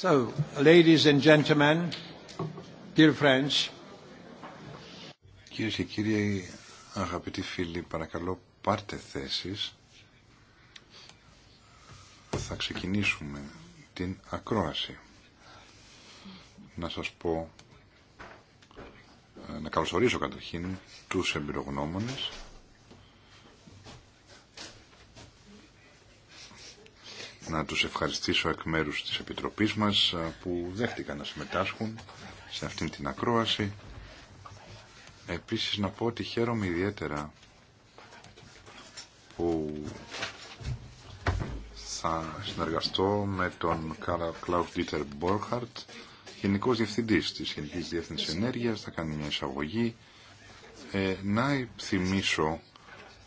So, ladies and gentlemen, dear friends. Κυρίες και κύριοι, αγαπητοί φίλοι, παρακαλώ πάρτε θέσεις. Θα ξεκινήσουμε την ακρόαση. Να σας πω, ε, να καλωσορίσω καταρχήν τους εμπειρογνώμονες να τους ευχαριστήσω εκ μέρους της Επιτροπής μας που δέχτηκαν να συμμετάσχουν σε αυτήν την ακρόαση. Επίσης να πω ότι χαίρομαι ιδιαίτερα που θα συνεργαστώ με τον Κλάου Ντίτερ Μπόρχαρτ, Γενικός Διευθυντής της Γενικής Διεύθυνσης Ενέργειας, θα κάνει μια εισαγωγή. Ε, να θυμίσω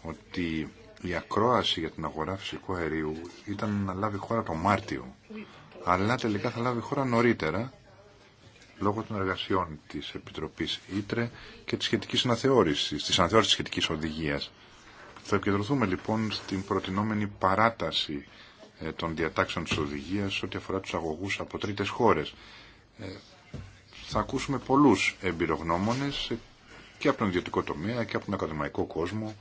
ότι η ακρόαση για την αγορά φυσικού αερίου ήταν να λάβει χώρα το Μάρτιο, αλλά τελικά θα λάβει χώρα νωρίτερα λόγω των εργασιών τη Επιτροπή Ήτρε και τη σχετική, αναθεώρηση, τη αναθεώρησης τη σχετικής οδηγίας. Θα επικεντρωθούμε λοιπόν στην προτινόμενη παράταση ε, των διατάξεων τη οδηγία ό,τι αφορά του αγωγού από τρίτες χώρες. Ε, θα ακούσουμε πολλού εμπειρογνώμονε ε, και από τον ιδιωτικό τομέα και από τον ακαδημαϊκό κόσμο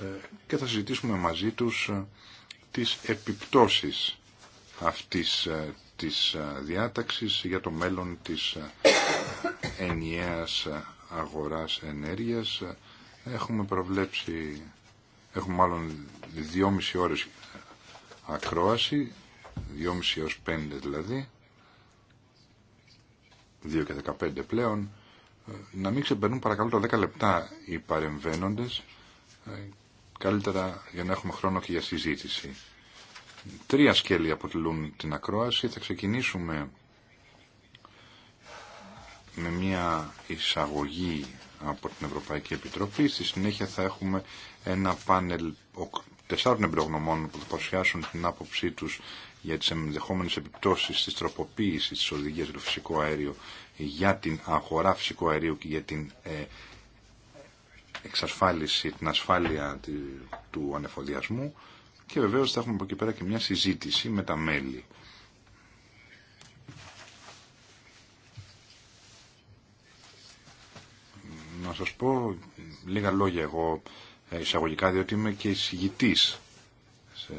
ε, και θα συζητήσουμε μαζί τους ε, τις επιπτώσεις αυτής ε, της διάταξης για το μέλλον της ενιαίας αγοράς ενέργειας. Έχουμε προβλέψει, έχουμε μάλλον δυόμιση ώρες ακρόαση, δυόμιση έως πέντε δηλαδή, δύο και δεκαπέντε πλέον, να μην ξεπερνούν παρακαλώ τα δέκα λεπτά οι παρεμβαίνοντες, ε, καλύτερα για να έχουμε χρόνο και για συζήτηση. Τρία σκέλη αποτελούν την ακρόαση. Θα ξεκινήσουμε με μια εισαγωγή από την Ευρωπαϊκή Επιτροπή. Στη συνέχεια θα έχουμε ένα πάνελ τεσσάρων εμπειρογνωμών που θα παρουσιάσουν την άποψή τους για τις ενδεχόμενες επιπτώσεις της τροποποίησης της οδηγίας του φυσικό αέριο για την αγορά φυσικού αερίου και για την ε, εξασφάλιση, την ασφάλεια του ανεφοδιασμού και βεβαίως θα έχουμε από εκεί πέρα και μια συζήτηση με τα μέλη. Να σας πω λίγα λόγια εγώ ε, εισαγωγικά διότι είμαι και εισηγητής σε,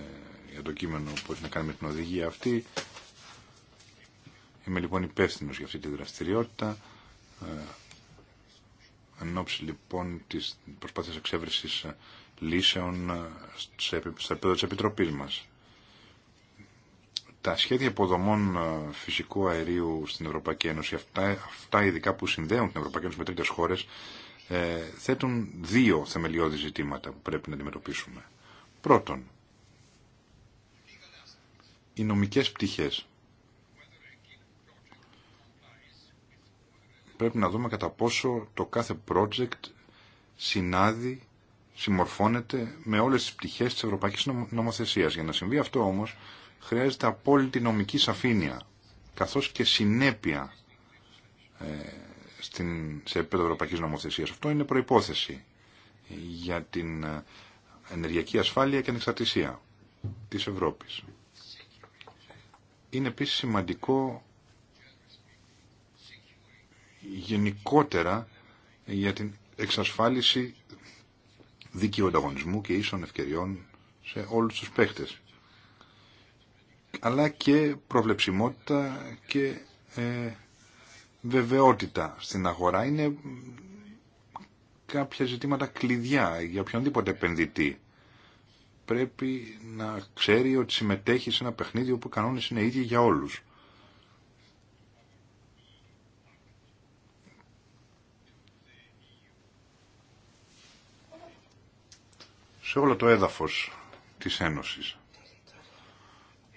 για το κείμενο που έχει να κάνει με την οδηγία αυτή. Είμαι λοιπόν υπεύθυνο για αυτή τη δραστηριότητα. Ε, Εν ώψη λοιπόν τη προσπάθεια εξέβρεση ε, λύσεων ε, στα επίπεδο τη επιτροπή μα. Τα σχέδια υποδομών ε, φυσικού αερίου στην Ευρωπαϊκή Ένωση, αυτά, αυτά ειδικά που συνδέουν την Ευρωπαϊκή Ένωση με τρίτες χώρε, θέτουν δύο θεμελιώδη ζητήματα που πρέπει να αντιμετωπίσουμε. Πρώτον, οι νομικές πτυχές πρέπει να δούμε κατά πόσο το κάθε project συνάδει, συμμορφώνεται με όλες τις πτυχές της Ευρωπαϊκής Νομοθεσίας. Για να συμβεί αυτό όμως χρειάζεται απόλυτη νομική σαφήνεια καθώς και συνέπεια ε, στην, σε επίπεδο Ευρωπαϊκής Νομοθεσίας. Αυτό είναι προϋπόθεση για την ε, ενεργειακή ασφάλεια και ανεξαρτησία της Ευρώπης. Είναι επίσης σημαντικό γενικότερα για την εξασφάλιση δίκαιου ανταγωνισμού και ίσων ευκαιριών σε όλους τους παίχτες. Αλλά και προβλεψιμότητα και ε, βεβαιότητα στην αγορά είναι κάποια ζητήματα κλειδιά για οποιονδήποτε επενδυτή. Πρέπει να ξέρει ότι συμμετέχει σε ένα παιχνίδι όπου οι κανόνες είναι ίδιοι για όλους. σε όλο το έδαφος της Ένωσης.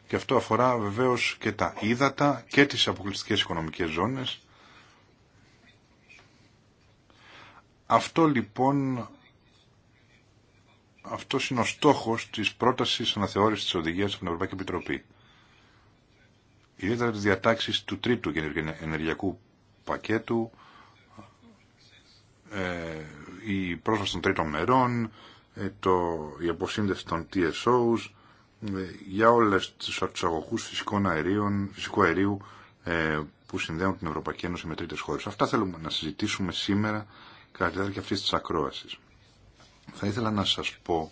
Και αυτό αφορά βεβαίως και τα ύδατα και τις αποκλειστικές οικονομικές ζώνες. Αυτό λοιπόν, αυτό είναι ο στόχος της πρότασης αναθεώρησης της οδηγίας από την Ευρωπαϊκή Επιτροπή. Ιδιαίτερα τις διατάξεις του τρίτου ενεργειακού πακέτου, ε, η πρόσβαση των τρίτων μερών, ε, το, η αποσύνδεση των TSOs ε, για όλες τις αρτισαγωγούς φυσικών αερίων, φυσικού αερίου ε, που συνδέουν την Ευρωπαϊκή Ένωση με τρίτες χώρες. Αυτά θέλουμε να συζητήσουμε σήμερα κατά τη διάρκεια αυτής της ακρόασης. Θα ήθελα να σας πω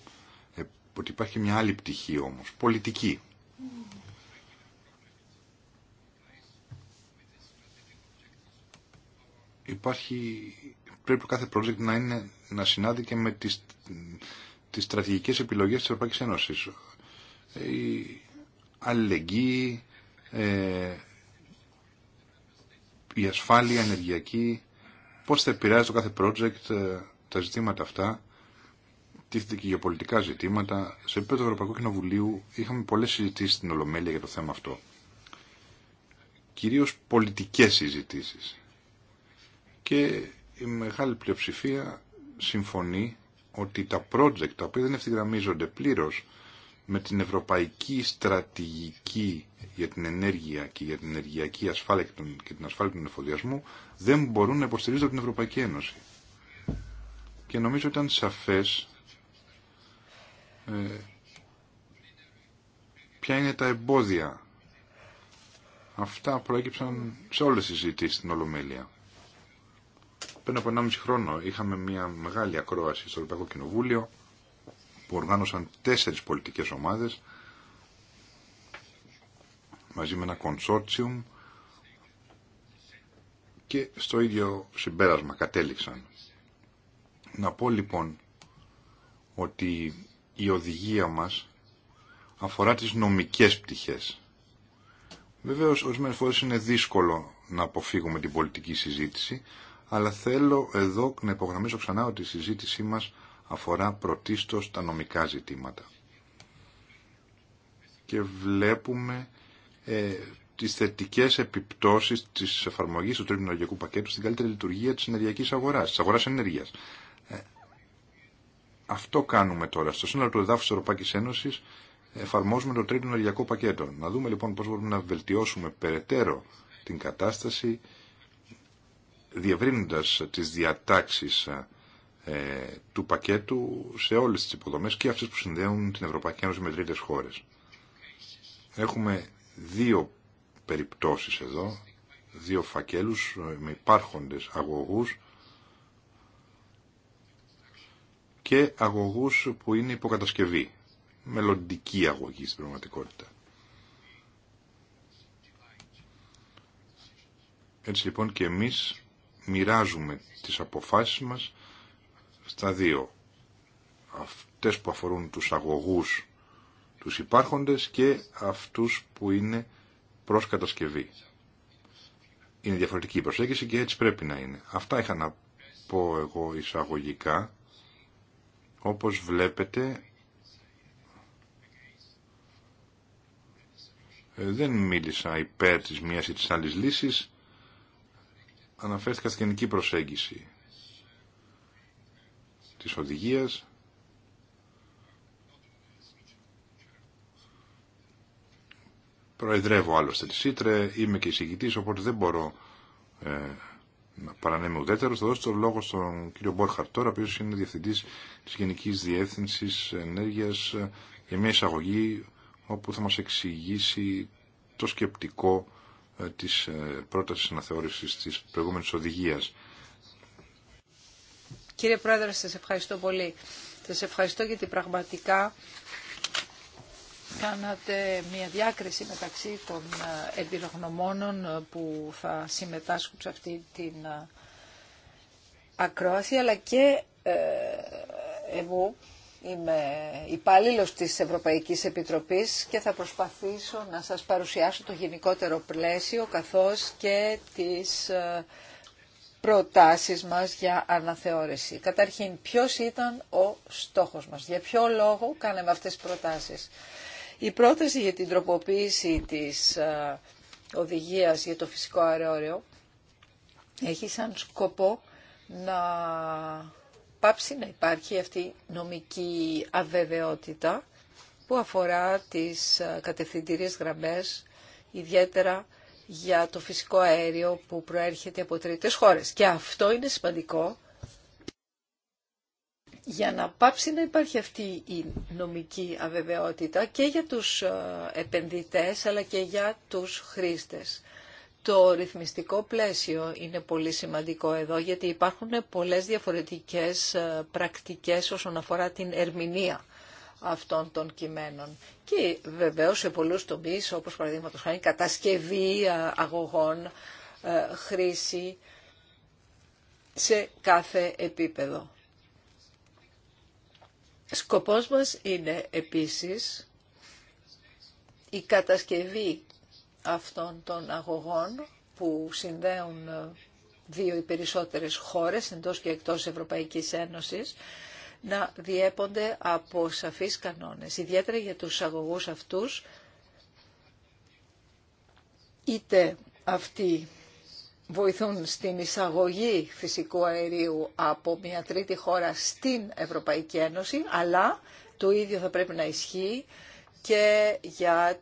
ότι υπάρχει μια άλλη πτυχή όμως, πολιτική. Υπάρχει, πρέπει κάθε project να, είναι, να συνάδει και με τις τις στρατηγικές επιλογές της Ευρωπαϊκής Ένωσης. Η αλληλεγγύη, ε, η ασφάλεια ενεργειακή, πώς θα επηρεάζει το κάθε project ε, τα ζητήματα αυτά, τίθεται και γεωπολιτικά ζητήματα. Σε επίπεδο του Ευρωπαϊκού Κοινοβουλίου είχαμε πολλές συζητήσεις στην Ολομέλεια για το θέμα αυτό. Κυρίως πολιτικές συζητήσεις. Και η μεγάλη πλειοψηφία συμφωνεί ότι τα project τα οποία δεν ευθυγραμμίζονται πλήρως με την ευρωπαϊκή στρατηγική για την ενέργεια και για την ενεργειακή ασφάλεια και την ασφάλεια του εφοδιασμού δεν μπορούν να υποστηρίζονται από την Ευρωπαϊκή Ένωση. Και νομίζω ήταν σαφές ε, ποια είναι τα εμπόδια. Αυτά προέκυψαν σε όλες τις συζητήσεις στην Ολομέλεια. Πριν από 1,5 χρόνο είχαμε μια μεγάλη ακρόαση στο Ευρωπαϊκό Κοινοβούλιο που οργάνωσαν τέσσερις πολιτικές ομάδες μαζί με ένα κονσόρτσιουμ και στο ίδιο συμπέρασμα κατέληξαν. Να πω λοιπόν ότι η οδηγία μας αφορά τις νομικές πτυχές. Βεβαίως, ορισμένες φορές είναι δύσκολο να αποφύγουμε την πολιτική συζήτηση, αλλά θέλω εδώ να υπογραμμίσω ξανά ότι η συζήτησή μας αφορά πρωτίστως τα νομικά ζητήματα. Και βλέπουμε ε, τις θετικές επιπτώσεις της εφαρμογής του ενεργειακού πακέτου στην καλύτερη λειτουργία της ενεργειακής αγοράς, της αγοράς ενέργειας. Ε, αυτό κάνουμε τώρα. Στο σύνολο του εδάφου της Ευρωπαϊκής Ένωσης εφαρμόζουμε το τρίτο ενεργειακό πακέτο. Να δούμε λοιπόν πώς μπορούμε να βελτιώσουμε περαιτέρω την κατάσταση διευρύνοντας τις διατάξεις ε, του πακέτου σε όλες τις υποδομές και αυτές που συνδέουν την Ευρωπαϊκή Ένωση με τρίτες χώρες. Έχουμε δύο περιπτώσεις εδώ, δύο φακέλους με υπάρχοντες αγωγούς και αγωγούς που είναι υποκατασκευή, μελλοντική αγωγή στην πραγματικότητα. Έτσι λοιπόν και εμείς μοιράζουμε τις αποφάσεις μας στα δύο. Αυτές που αφορούν τους αγωγούς, τους υπάρχοντες και αυτούς που είναι προς κατασκευή. Είναι διαφορετική η προσέγγιση και έτσι πρέπει να είναι. Αυτά είχα να πω εγώ εισαγωγικά. Όπως βλέπετε, ε, δεν μίλησα υπέρ της μίας ή της άλλης λύσης αναφέρθηκα στην γενική προσέγγιση της οδηγίας Προεδρεύω άλλωστε τη ΣΥΤΡΕ, είμαι και εισηγητή, οπότε δεν μπορώ ε, να παρανέμει ουδέτερο. Θα δώσω τον λόγο στον κύριο Μπόρχαρτ τώρα, ο οποίο είναι διευθυντή τη Γενική Διεύθυνση Ενέργεια, ε, για μια εισαγωγή όπου θα μα εξηγήσει το σκεπτικό ε, της ε, πρότασης αναθεώρησης της προηγούμενης οδηγίας. Κύριε Πρόεδρε, σας ευχαριστώ πολύ. Σας ευχαριστώ γιατί πραγματικά κάνατε μια διάκριση μεταξύ των ε, εμπειρογνωμόνων που θα συμμετάσχουν σε αυτή την ακρόαση, αλλά και εγώ Είμαι υπάλληλος της Ευρωπαϊκής Επιτροπής και θα προσπαθήσω να σας παρουσιάσω το γενικότερο πλαίσιο καθώς και τις ε, προτάσεις μας για αναθεώρηση. Καταρχήν, ποιος ήταν ο στόχος μας, για ποιο λόγο κάναμε αυτές τις προτάσεις. Η πρόταση για την τροποποίηση της ε, οδηγίας για το φυσικό αερόριο έχει σαν σκοπό να πάψει να υπάρχει αυτή η νομική αβεβαιότητα που αφορά τις ε, κατευθυντήριες γραμμές, ιδιαίτερα για το φυσικό αέριο που προέρχεται από τρίτες χώρες. Και αυτό είναι σημαντικό για να πάψει να υπάρχει αυτή η νομική αβεβαιότητα και για τους ε, επενδυτές αλλά και για τους χρήστες. Το ρυθμιστικό πλαίσιο είναι πολύ σημαντικό εδώ γιατί υπάρχουν πολλές διαφορετικές ε, πρακτικές όσον αφορά την ερμηνεία αυτών των κειμένων. Και βεβαίως σε πολλούς τομείς όπως παραδείγματος χάρη κατασκευή ε, αγωγών, ε, χρήση σε κάθε επίπεδο. Σκοπός μας είναι επίσης η κατασκευή αυτών των αγωγών που συνδέουν ε, δύο ή περισσότερες χώρες εντός και εκτός Ευρωπαϊκής Ένωσης να διέπονται από σαφείς κανόνες. Ιδιαίτερα για τους αγωγούς αυτούς, είτε αυτοί βοηθούν στην εισαγωγή φυσικού αερίου από μια τρίτη χώρα στην Ευρωπαϊκή Ένωση, αλλά το ίδιο θα πρέπει να ισχύει και για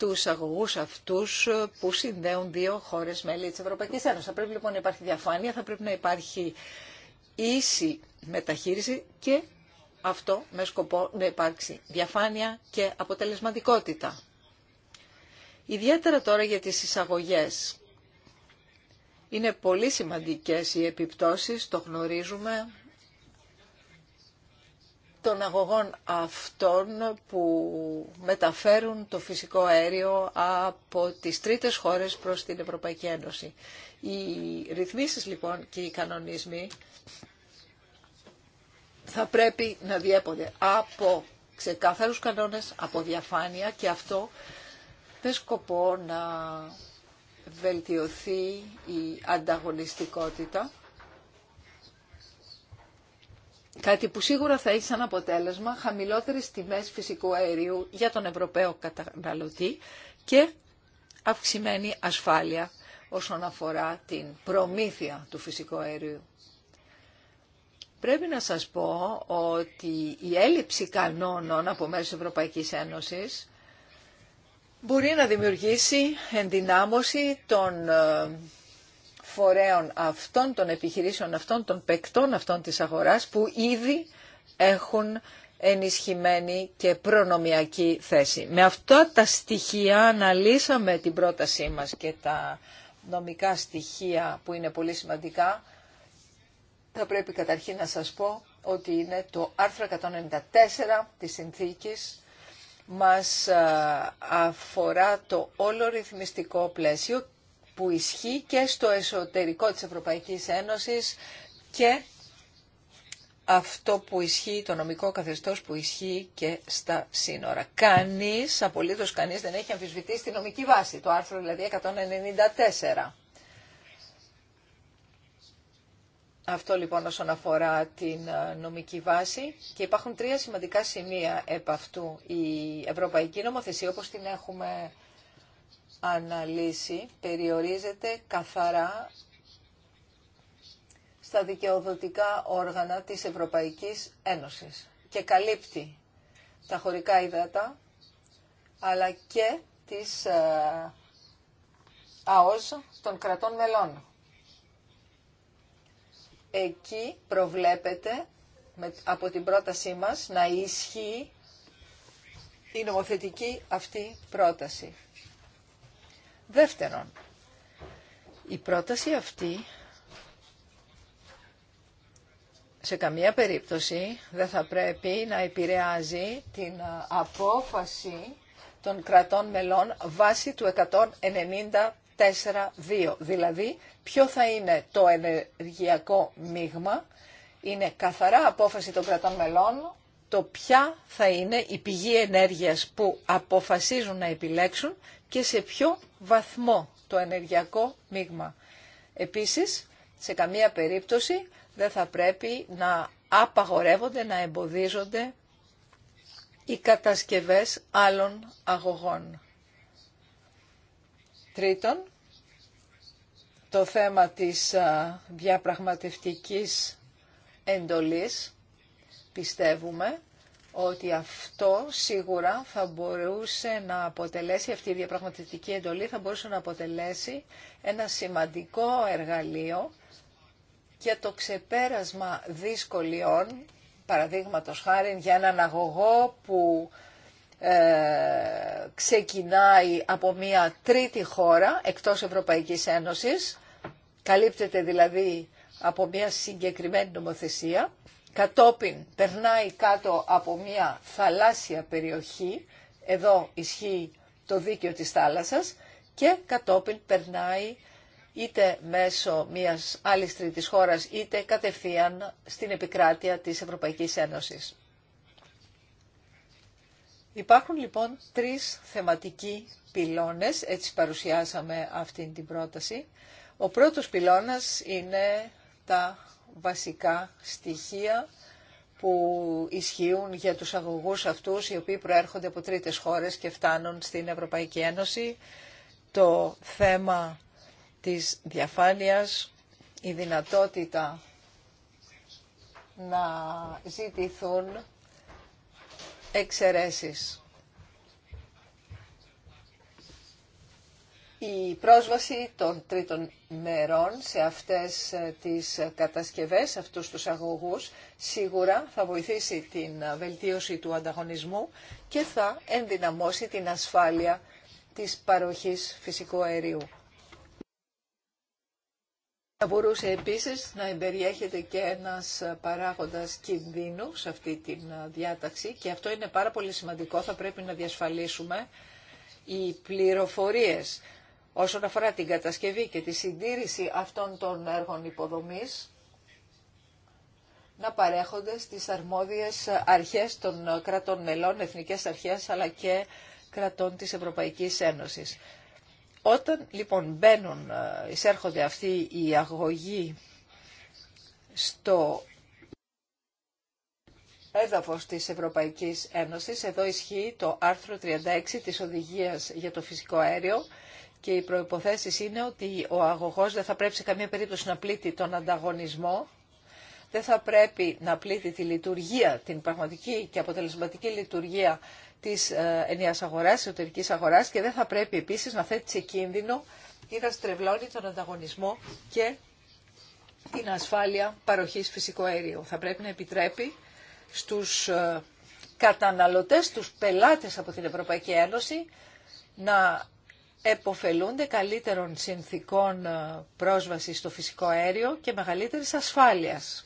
τους αγωγούς αυτούς που συνδέουν δύο χώρες μέλη της Ευρωπαϊκής Ένωσης. Θα πρέπει λοιπόν να υπάρχει διαφάνεια, θα πρέπει να υπάρχει ίση μεταχείριση και αυτό με σκοπό να υπάρξει διαφάνεια και αποτελεσματικότητα. Ιδιαίτερα τώρα για τις εισαγωγές. Είναι πολύ σημαντικές οι επιπτώσεις, το γνωρίζουμε, των αγωγών αυτών που μεταφέρουν το φυσικό αέριο από τις τρίτες χώρες προς την Ευρωπαϊκή Ένωση. Οι ρυθμίσεις λοιπόν και οι κανονισμοί θα πρέπει να διέπονται από ξεκάθαρους κανόνες, από διαφάνεια και αυτό με σκοπό να βελτιωθεί η ανταγωνιστικότητα Κάτι που σίγουρα θα έχει σαν αποτέλεσμα χαμηλότερες τιμές φυσικού αερίου για τον Ευρωπαίο καταναλωτή και αυξημένη ασφάλεια όσον αφορά την προμήθεια του φυσικού αερίου. Πρέπει να σας πω ότι η έλλειψη κανόνων από μέρους Ευρωπαϊκής Ένωσης μπορεί να δημιουργήσει ενδυνάμωση των ε, φορέων αυτών των επιχειρήσεων αυτών, των παικτών αυτών της αγοράς που ήδη έχουν ενισχυμένη και προνομιακή θέση. Με αυτά τα στοιχεία αναλύσαμε την πρότασή μας και τα νομικά στοιχεία που είναι πολύ σημαντικά. Θα πρέπει καταρχήν να σας πω ότι είναι το άρθρο 194 της συνθήκης μας αφορά το όλο ρυθμιστικό πλαίσιο που ισχύει και στο εσωτερικό της Ευρωπαϊκής Ένωσης και αυτό που ισχύει, το νομικό καθεστώς που ισχύει και στα σύνορα. Κανείς, απολύτως κανείς δεν έχει αμφισβητήσει τη νομική βάση, το άρθρο δηλαδή 194. Αυτό λοιπόν όσον αφορά την νομική βάση και υπάρχουν τρία σημαντικά σημεία επ' αυτού. Η Ευρωπαϊκή Νομοθεσία όπως την έχουμε αναλύσει περιορίζεται καθαρά στα δικαιοδοτικά όργανα της Ευρωπαϊκής Ένωσης και καλύπτει τα χωρικά υδάτα αλλά και της ε, ΑΟΣ των κρατών μελών. Εκεί προβλέπεται από την πρότασή μας να ισχύει η νομοθετική αυτή πρόταση. Δεύτερον, η πρόταση αυτή σε καμία περίπτωση δεν θα πρέπει να επηρεάζει την απόφαση των κρατών μελών βάσει του 194.2. Δηλαδή, ποιο θα είναι το ενεργειακό μείγμα, είναι καθαρά απόφαση των κρατών μελών το ποια θα είναι η πηγή ενέργειας που αποφασίζουν να επιλέξουν και σε ποιο βαθμό το ενεργειακό μείγμα. Επίσης, σε καμία περίπτωση δεν θα πρέπει να απαγορεύονται, να εμποδίζονται οι κατασκευές άλλων αγωγών. Τρίτον, το θέμα της διαπραγματευτικής εντολής Πιστεύουμε ότι αυτό σίγουρα θα μπορούσε να αποτελέσει, αυτή η διαπραγματευτική εντολή θα μπορούσε να αποτελέσει ένα σημαντικό εργαλείο για το ξεπέρασμα δυσκολιών, παραδείγματος χάρη για έναν αγωγό που ε, ξεκινάει από μια τρίτη χώρα εκτός Ευρωπαϊκής Ένωσης, καλύπτεται δηλαδή από μια συγκεκριμένη νομοθεσία κατόπιν περνάει κάτω από μια θαλάσσια περιοχή, εδώ ισχύει το δίκαιο της θάλασσας, και κατόπιν περνάει είτε μέσω μιας άλλης τρίτης χώρας, είτε κατευθείαν στην επικράτεια της Ευρωπαϊκής Ένωσης. Υπάρχουν λοιπόν τρεις θεματικοί πυλώνες, έτσι παρουσιάσαμε αυτή την πρόταση. Ο πρώτος πυλώνας είναι τα βασικά στοιχεία που ισχύουν για τους αγωγούς αυτούς οι οποίοι προέρχονται από τρίτες χώρες και φτάνουν στην Ευρωπαϊκή Ένωση. Το θέμα της διαφάνειας, η δυνατότητα να ζητηθούν εξαιρέσεις. η πρόσβαση των τρίτων μερών σε αυτές ε, τις κατασκευές, αυτούς τους αγωγούς, σίγουρα θα βοηθήσει την ε, βελτίωση του ανταγωνισμού και θα ενδυναμώσει την ασφάλεια της παροχής φυσικού αερίου. Θα μπορούσε επίσης να εμπεριέχεται και ένας ε, παράγοντας κινδύνου σε αυτή τη διάταξη και αυτό είναι πάρα πολύ σημαντικό, θα πρέπει να διασφαλίσουμε οι πληροφορίες όσον αφορά την κατασκευή και τη συντήρηση αυτών των έργων υποδομής να παρέχονται στις αρμόδιες αρχές των κρατών μελών, εθνικές αρχές αλλά και κρατών της Ευρωπαϊκής Ένωσης. Όταν λοιπόν μπαίνουν, ε, εισέρχονται αυτοί οι αγωγοί στο έδαφος της Ευρωπαϊκής Ένωσης, εδώ ισχύει το άρθρο 36 της Οδηγίας για το Φυσικό Αέριο, και οι προϋποθέσεις είναι ότι ο αγωγός δεν θα πρέπει σε καμία περίπτωση να πλήττει τον ανταγωνισμό, δεν θα πρέπει να πλήττει τη λειτουργία, την πραγματική και αποτελεσματική λειτουργία της ε, ενιαίας αγοράς, εσωτερικής αγοράς και δεν θα πρέπει επίσης να θέτει σε κίνδυνο ή να στρεβλώνει τον ανταγωνισμό και την ασφάλεια παροχής φυσικού αερίου. Θα πρέπει να επιτρέπει στους ε, καταναλωτές, στους πελάτες από την Ευρωπαϊκή Ένωση να εποφελούνται καλύτερων συνθήκων ε, πρόσβασης στο φυσικό αέριο και μεγαλύτερης ασφάλειας.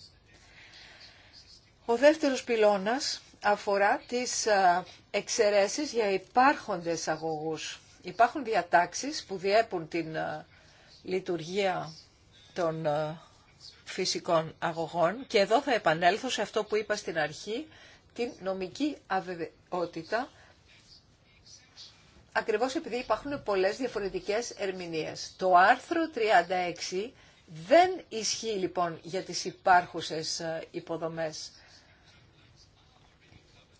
Ο δεύτερος πυλώνας αφορά τις ε, εξαιρέσεις για υπάρχοντες αγωγούς. Υπάρχουν διατάξεις που διέπουν την ε, λειτουργία των φυσικών αγωγών και εδώ θα επανέλθω σε αυτό που είπα στην αρχή, την νομική αβεβαιότητα ακριβώς επειδή υπάρχουν πολλές διαφορετικές ερμηνείες. Το άρθρο 36 δεν ισχύει λοιπόν για τις υπάρχουσες ε, υποδομές.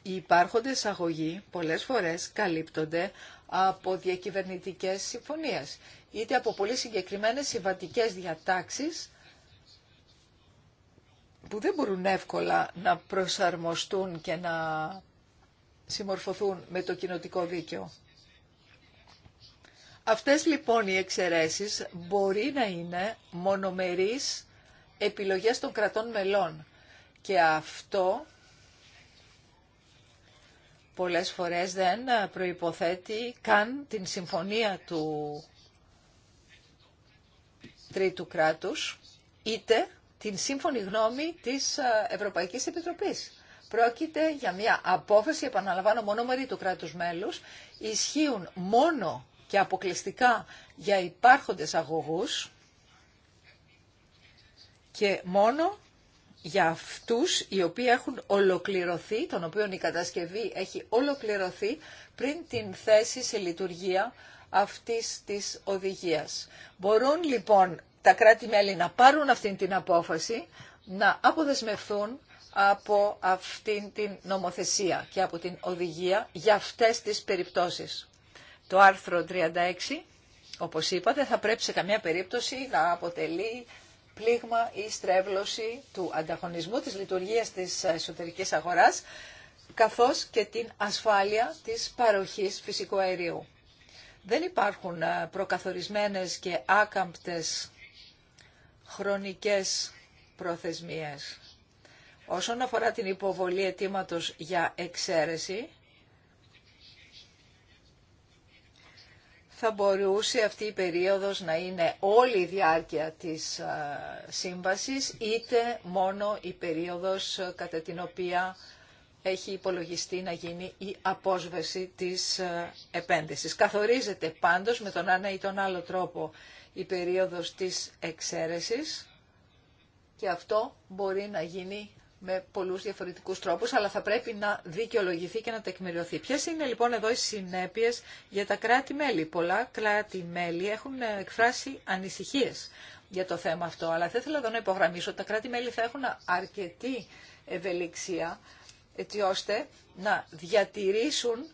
Οι υπάρχοντες αγωγοί πολλές φορές καλύπτονται από διακυβερνητικές συμφωνίες, είτε από πολύ συγκεκριμένες συμβατικές διατάξεις που δεν μπορούν εύκολα να προσαρμοστούν και να συμμορφωθούν με το κοινοτικό δίκαιο. Αυτές λοιπόν οι εξαιρέσεις μπορεί να είναι μονομερείς επιλογές των κρατών μελών. Και αυτό πολλές φορές δεν προϋποθέτει καν την συμφωνία του τρίτου κράτους, είτε την σύμφωνη γνώμη της Ευρωπαϊκής Επιτροπής. Πρόκειται για μια απόφαση, επαναλαμβάνω, μονομερή του κράτους μέλους, ισχύουν μόνο και αποκλειστικά για υπάρχοντες αγωγούς και μόνο για αυτούς οι οποίοι έχουν ολοκληρωθεί, τον οποίο η κατασκευή έχει ολοκληρωθεί πριν την θέση σε λειτουργία αυτής της οδηγίας. Μπορούν λοιπόν τα κράτη-μέλη να πάρουν αυτή την απόφαση, να αποδεσμευθούν από αυτήν την νομοθεσία και από την οδηγία για αυτές τις περιπτώσεις. Το άρθρο 36, όπως είπατε, θα πρέπει σε καμία περίπτωση να αποτελεί πλήγμα ή στρέβλωση του ανταγωνισμού της λειτουργίας της εσωτερικής αγοράς, καθώς και την ασφάλεια της παροχής φυσικού αερίου. Δεν υπάρχουν ε, προκαθορισμένες και άκαμπτες χρονικές προθεσμίες. Όσον αφορά την υποβολή αιτήματο για εξαίρεση, θα μπορούσε αυτή η περίοδος να είναι όλη η διάρκεια της σύμβασης, είτε μόνο η περίοδος κατά την οποία έχει υπολογιστεί να γίνει η απόσβεση της επένδυσης. Καθορίζεται πάντως με τον ένα ή τον άλλο τρόπο η περίοδος της εξαίρεσης και αυτό μπορεί να γίνει με πολλούς διαφορετικούς τρόπους, αλλά θα πρέπει να δικαιολογηθεί και να τεκμηριωθεί. Ποιε είναι λοιπόν εδώ οι συνέπειες για τα κράτη-μέλη. Πολλά κράτη-μέλη έχουν ε, εκφράσει ανησυχίες για το θέμα αυτό, αλλά θα ήθελα εδώ να υπογραμμίσω ότι τα κράτη-μέλη θα έχουν αρκετή ευελιξία, έτσι ώστε να διατηρήσουν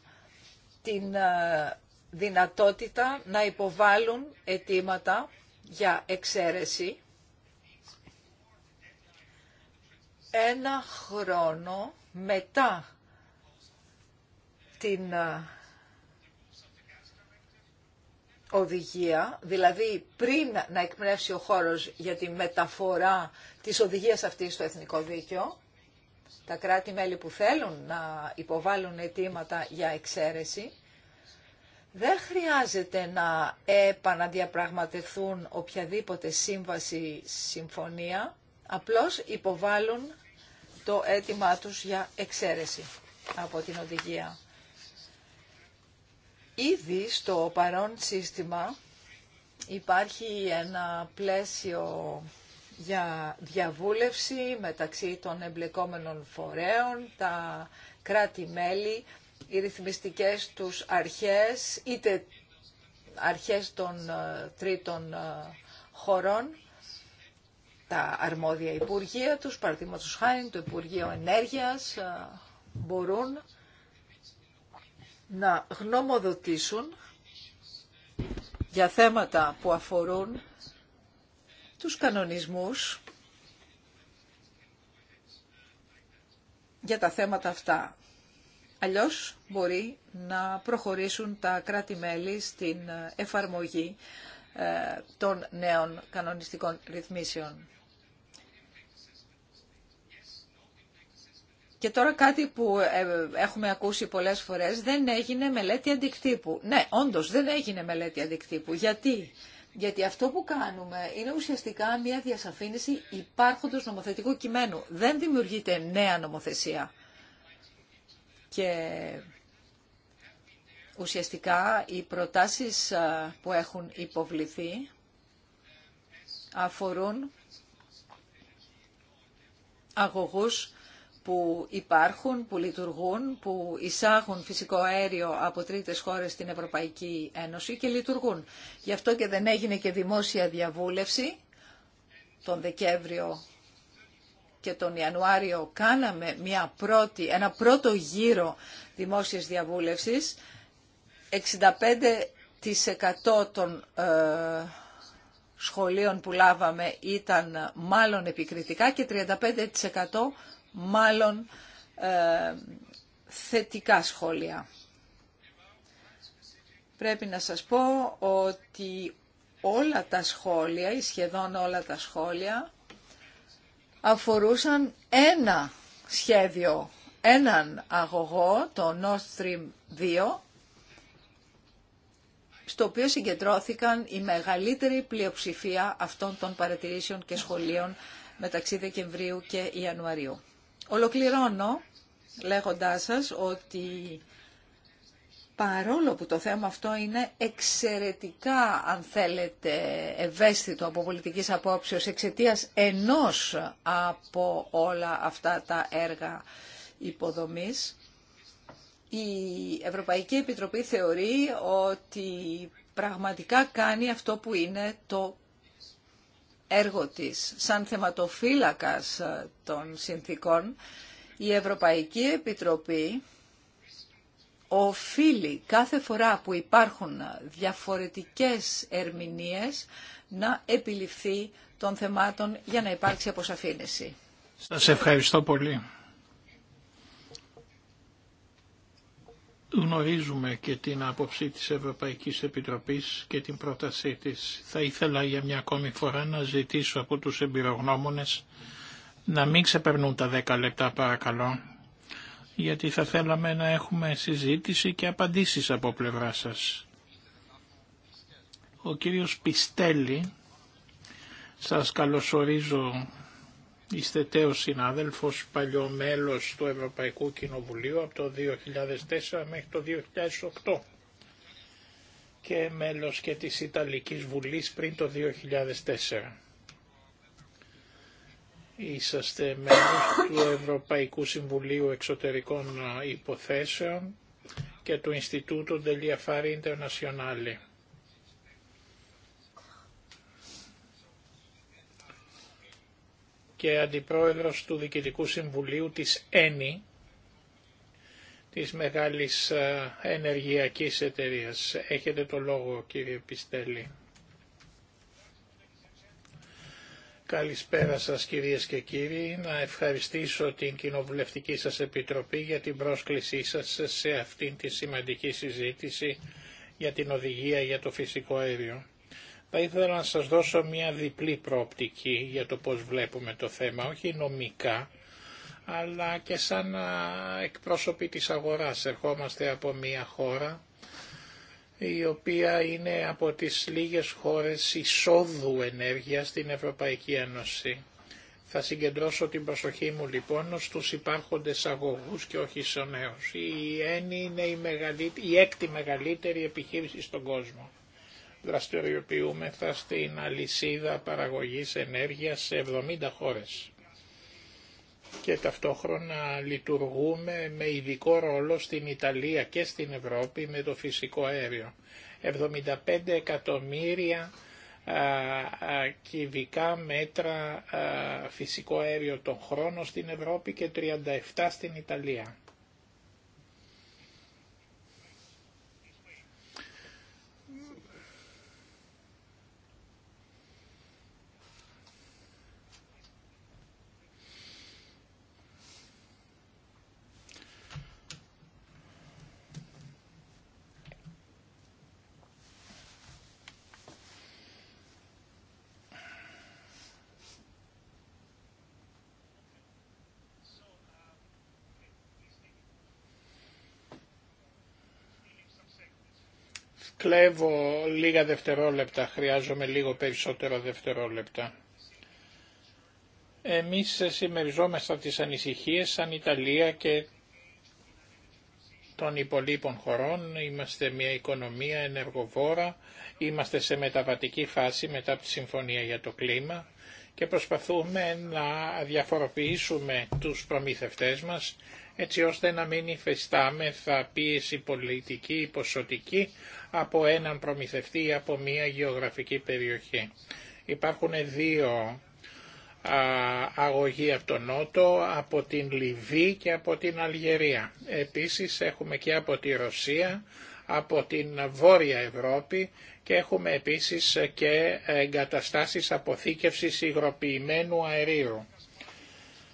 την ε, δυνατότητα να υποβάλουν αιτήματα για εξαίρεση ένα χρόνο μετά την ε, οδηγία, δηλαδή πριν να εκπνεύσει ο χώρος για τη μεταφορά της οδηγίας αυτής στο εθνικό δίκαιο, τα κράτη-μέλη που θέλουν να υποβάλουν αιτήματα για εξαίρεση, δεν χρειάζεται να επαναδιαπραγματευθούν οποιαδήποτε σύμβαση συμφωνία, απλώς υποβάλλουν το αίτημά τους για εξαίρεση από την οδηγία. Ήδη στο παρόν σύστημα υπάρχει ένα πλαίσιο για διαβούλευση μεταξύ των εμπλεκόμενων φορέων, τα κράτη-μέλη, οι ρυθμιστικές τους αρχές, είτε αρχές των ε, τρίτων ε, χωρών τα αρμόδια υπουργεία τους, παραδείγματο χάρη το Υπουργείο Ενέργειας, ε, μπορούν να γνωμοδοτήσουν για θέματα που αφορούν τους κανονισμούς για τα θέματα αυτά. Αλλιώς μπορεί να προχωρήσουν τα κράτη-μέλη στην εφαρμογή ε, των νέων κανονιστικών ρυθμίσεων. Και τώρα κάτι που ε, έχουμε ακούσει πολλές φορές, δεν έγινε μελέτη αντικτύπου. Ναι, όντως δεν έγινε μελέτη αντικτύπου. Γιατί? Γιατί αυτό που κάνουμε είναι ουσιαστικά μια διασαφήνιση υπάρχοντος νομοθετικού κειμένου. Δεν δημιουργείται νέα νομοθεσία. Και ουσιαστικά οι προτάσεις που έχουν υποβληθεί αφορούν αγωγούς που υπάρχουν, που λειτουργούν, που εισάγουν φυσικό αέριο από τρίτες χώρες στην Ευρωπαϊκή Ένωση και λειτουργούν. Γι' αυτό και δεν έγινε και δημόσια διαβούλευση τον Δεκέμβριο και τον Ιανουάριο κάναμε μια πρώτη, ένα πρώτο γύρο δημόσιας διαβούλευσης. 65% των ε, σχολείων που λάβαμε ήταν μάλλον επικριτικά και 35% μάλλον ε, θετικά σχόλια. Πρέπει να σας πω ότι όλα τα σχόλια ή σχεδόν όλα τα σχόλια αφορούσαν ένα σχέδιο, έναν αγωγό, το Nord Stream 2, στο οποίο συγκεντρώθηκαν η μεγαλύτερη πλειοψηφία αυτών των παρατηρήσεων και σχολείων μεταξύ Δεκεμβρίου και Ιανουαρίου. Ολοκληρώνω λέγοντάς σας ότι παρόλο που το θέμα αυτό είναι εξαιρετικά, αν θέλετε, ευαίσθητο από πολιτικής απόψεως εξαιτίας ενός από όλα αυτά τα έργα υποδομής, η Ευρωπαϊκή Επιτροπή θεωρεί ότι πραγματικά κάνει αυτό που είναι το έργο σαν θεματοφύλακας ε, των συνθήκων, η Ευρωπαϊκή Επιτροπή οφείλει κάθε φορά που υπάρχουν διαφορετικές ερμηνείες να επιληφθεί των θεμάτων για να υπάρξει αποσαφήνιση. Σας ευχαριστώ πολύ. Γνωρίζουμε και την άποψη της Ευρωπαϊκής Επιτροπής και την πρότασή της. Θα ήθελα για μια ακόμη φορά να ζητήσω από τους εμπειρογνώμονες να μην ξεπερνούν τα 10 λεπτά παρακαλώ, γιατί θα θέλαμε να έχουμε συζήτηση και απαντήσεις από πλευρά σας. Ο κύριος Πιστέλη, σας καλωσορίζω Είστε τέος συνάδελφος, παλιό μέλος του Ευρωπαϊκού Κοινοβουλίου από το 2004 μέχρι το 2008 και μέλος και της Ιταλικής Βουλής πριν το 2004. Είσαστε μέλος του Ευρωπαϊκού Συμβουλίου Εξωτερικών Υποθέσεων και του Ινστιτούτου Deliafari Internationale. και αντιπρόεδρος του Διοικητικού Συμβουλίου της ΕΝΗ, της μεγάλης ε, ενεργειακής εταιρείας. Έχετε το λόγο κύριε Πιστέλη. Καλησπέρα σας κυρίες και κύριοι. Να ευχαριστήσω την Κοινοβουλευτική σας Επιτροπή για την πρόσκλησή σας σε αυτήν τη σημαντική συζήτηση για την οδηγία για το φυσικό αέριο. Θα ήθελα να σας δώσω μια διπλή προοπτική για το πώς βλέπουμε το θέμα, όχι νομικά, αλλά και σαν εκπρόσωποι της αγοράς. Ερχόμαστε από μια χώρα η οποία είναι από τις λίγες χώρες εισόδου ενέργειας στην Ευρωπαϊκή Ένωση. Θα συγκεντρώσω την προσοχή μου λοιπόν στους υπάρχοντες αγωγούς και όχι στους νέους. Η ΕΝΗ είναι η, η έκτη μεγαλύτερη επιχείρηση στον κόσμο δραστηριοποιούμεθα στην αλυσίδα παραγωγής ενέργειας σε 70 χώρες και ταυτόχρονα λειτουργούμε με ειδικό ρόλο στην Ιταλία και στην Ευρώπη με το φυσικό αέριο. 75 εκατομμύρια α, α, κυβικά μέτρα α, φυσικό αέριο τον χρόνο στην Ευρώπη και 37 στην Ιταλία. Κλέβω λίγα δευτερόλεπτα, χρειάζομαι λίγο περισσότερα δευτερόλεπτα. Εμείς συμμεριζόμαστε τις ανησυχίες σαν Ιταλία και των υπολείπων χωρών. Είμαστε μια οικονομία ενεργοβόρα, είμαστε σε μεταβατική φάση μετά από τη Συμφωνία για το Κλίμα και προσπαθούμε να διαφοροποιήσουμε τους προμήθευτές μας έτσι ώστε να μην υφεστάμεθα πίεση πολιτική ή ποσοτική από έναν προμηθευτή ή από μία γεωγραφική περιοχή. Υπάρχουν δύο αγωγή από τον Νότο, από την Λιβύη και από την Αλγερία. Επίσης έχουμε και από τη Ρωσία, από την Βόρεια Ευρώπη και έχουμε επίσης και εγκαταστάσεις αποθήκευσης υγροποιημένου αερίου.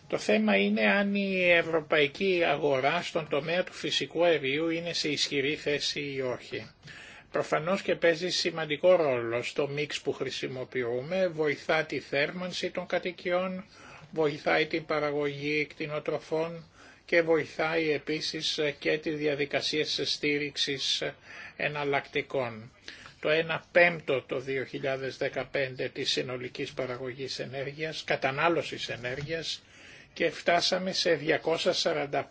Το θέμα είναι αν η ευρωπαϊκή αγορά στον τομέα του φυσικού αερίου είναι σε ισχυρή θέση ή όχι. Προφανώς και παίζει σημαντικό ρόλο στο μίξ που χρησιμοποιούμε, βοηθά τη θέρμανση των κατοικιών, βοηθάει την παραγωγή κτηνοτροφών και βοηθάει επίσης και τις διαδικασίες στήριξης εναλλακτικών. Το 1 πέμπτο το 2015 της συνολικής παραγωγής ενέργειας, κατανάλωσης ενέργειας, και φτάσαμε σε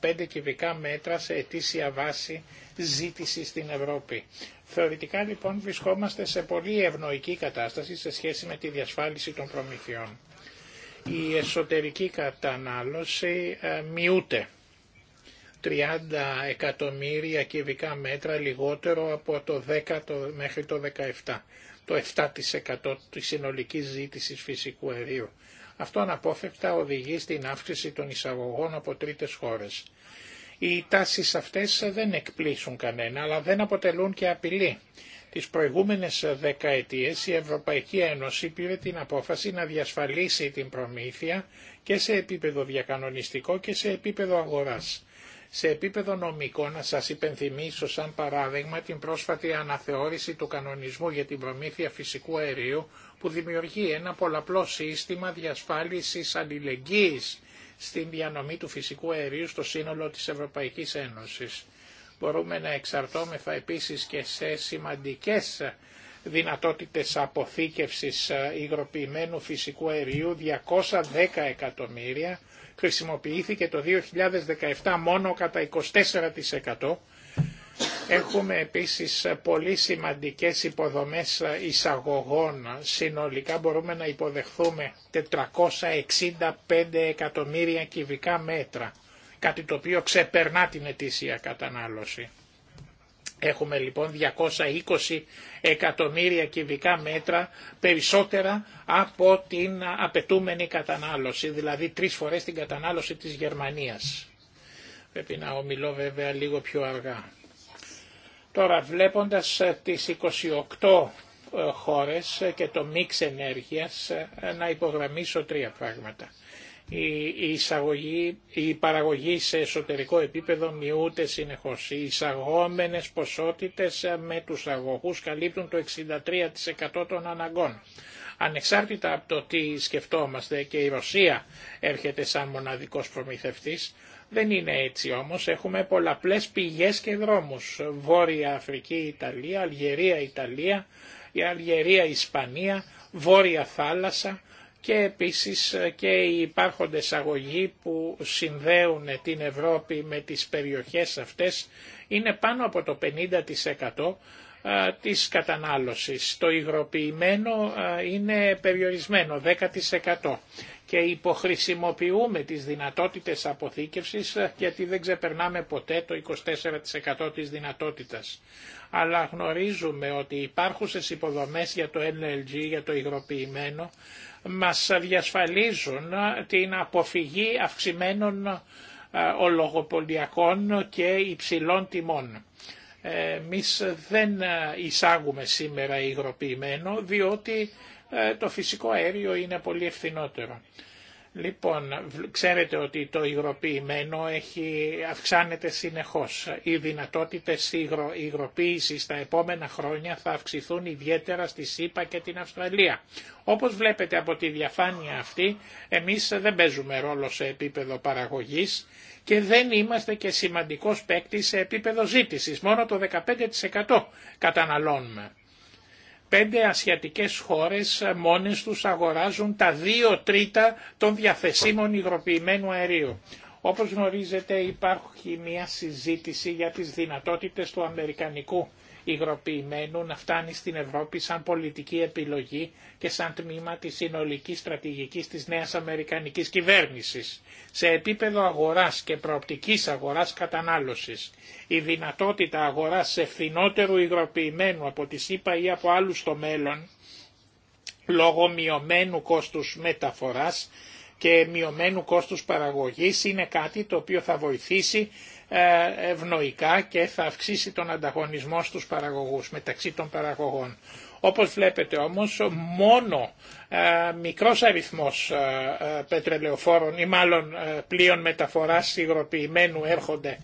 245 κυβικά μέτρα σε ετήσια βάση ζήτηση στην Ευρώπη. Θεωρητικά λοιπόν βρισκόμαστε σε πολύ ευνοϊκή κατάσταση σε σχέση με τη διασφάλιση των προμηθειών. Η εσωτερική κατανάλωση ε, μειούται. 30 εκατομμύρια κυβικά μέτρα λιγότερο από το 10 μέχρι το 17, το 7% της συνολικής ζήτησης φυσικού αερίου. Αυτό αναπόφευκτα οδηγεί στην αύξηση των εισαγωγών από τρίτες χώρες. Οι τάσεις αυτές δεν εκπλήσουν κανένα, αλλά δεν αποτελούν και απειλή. Τις προηγούμενες δεκαετίες η Ευρωπαϊκή Ένωση πήρε την απόφαση να διασφαλίσει την προμήθεια και σε επίπεδο διακανονιστικό και σε επίπεδο αγοράς. Σε επίπεδο νομικό να σας υπενθυμίσω σαν παράδειγμα την πρόσφατη αναθεώρηση του κανονισμού για την προμήθεια φυσικού αερίου που δημιουργεί ένα πολλαπλό σύστημα διασφάλισης αλληλεγγύης στην διανομή του φυσικού αερίου στο σύνολο της Ευρωπαϊκής Ένωσης. Μπορούμε να εξαρτώμεθα επίσης και σε σημαντικές δυνατότητες αποθήκευσης υγροποιημένου φυσικού αερίου 210 εκατομμύρια χρησιμοποιήθηκε το 2017 μόνο κατά 24%. Έχουμε επίσης πολύ σημαντικές υποδομές εισαγωγών. Συνολικά μπορούμε να υποδεχθούμε 465 εκατομμύρια κυβικά μέτρα, κάτι το οποίο ξεπερνά την ετήσια κατανάλωση. Έχουμε λοιπόν 220 εκατομμύρια κυβικά μέτρα περισσότερα από την απαιτούμενη κατανάλωση, δηλαδή τρεις φορές την κατανάλωση της Γερμανίας. Πρέπει να ομιλώ βέβαια λίγο πιο αργά. Τώρα βλέποντας ε, τις 28 ε, χώρες και το μίξ ενέργειας ε, να υπογραμμίσω τρία πράγματα η, η παραγωγή σε εσωτερικό επίπεδο μειούται συνεχώς. Οι εισαγόμενες ποσότητες με τους αγωγούς καλύπτουν το 63% των αναγκών. Ανεξάρτητα από το τι σκεφτόμαστε και η Ρωσία έρχεται σαν μοναδικός προμηθευτής, δεν είναι έτσι όμως, έχουμε πολλαπλές πηγές και δρόμους. Βόρεια Αφρική, Ιταλία, Αλγερία, Ιταλία, Αλγερία, Ισπανία, Βόρεια Θάλασσα, και επίσης και οι υπάρχοντες αγωγοί που συνδέουν την Ευρώπη με τις περιοχές αυτές είναι πάνω από το 50% της κατανάλωσης. Το υγροποιημένο είναι περιορισμένο 10% και υποχρησιμοποιούμε τις δυνατότητες αποθήκευσης γιατί δεν ξεπερνάμε ποτέ το 24% της δυνατότητας. Αλλά γνωρίζουμε ότι υπάρχουσες υποδομές για το NLG, για το υγροποιημένο, μας διασφαλίζουν την αποφυγή αυξημένων ολογοπολιακών και υψηλών τιμών. Ε, Εμεί δεν εισάγουμε σήμερα υγροποιημένο διότι ε, το φυσικό αέριο είναι πολύ ευθυνότερο. Λοιπόν, ξέρετε ότι το υγροποιημένο έχει, αυξάνεται συνεχώς. Οι δυνατότητες υγρο, υγροποίησης στα επόμενα χρόνια θα αυξηθούν ιδιαίτερα στη ΣΥΠΑ και την Αυστραλία. Όπως βλέπετε από τη διαφάνεια αυτή, εμείς δεν παίζουμε ρόλο σε επίπεδο παραγωγής και δεν είμαστε και σημαντικός παίκτη σε επίπεδο ζήτησης. Μόνο το 15% καταναλώνουμε πέντε ασιατικές χώρες μόνες τους αγοράζουν τα δύο τρίτα των διαθεσίμων υγροποιημένου αερίου. Όπως γνωρίζετε υπάρχει μια συζήτηση για τις δυνατότητες του αμερικανικού υγροποιημένου να φτάνει στην Ευρώπη σαν πολιτική επιλογή και σαν τμήμα της συνολικής στρατηγικής της νέας Αμερικανικής κυβέρνησης σε επίπεδο αγοράς και προοπτικής αγοράς κατανάλωσης. Η δυνατότητα αγοράς σε φθηνότερου υγροποιημένου από τη ΣΥΠΑ ή από άλλους στο μέλλον λόγω μειωμένου κόστους μεταφοράς και μειωμένου κόστους παραγωγής είναι κάτι το οποίο θα βοηθήσει ε, ευνοϊκά και θα αυξήσει τον ανταγωνισμό στους παραγωγούς, μεταξύ των παραγωγών. Όπως βλέπετε όμως μόνο ε, μικρός αριθμός ε, πετρελαιοφόρων ή μάλλον πλοίων μεταφοράς υγροποιημένου έρχονται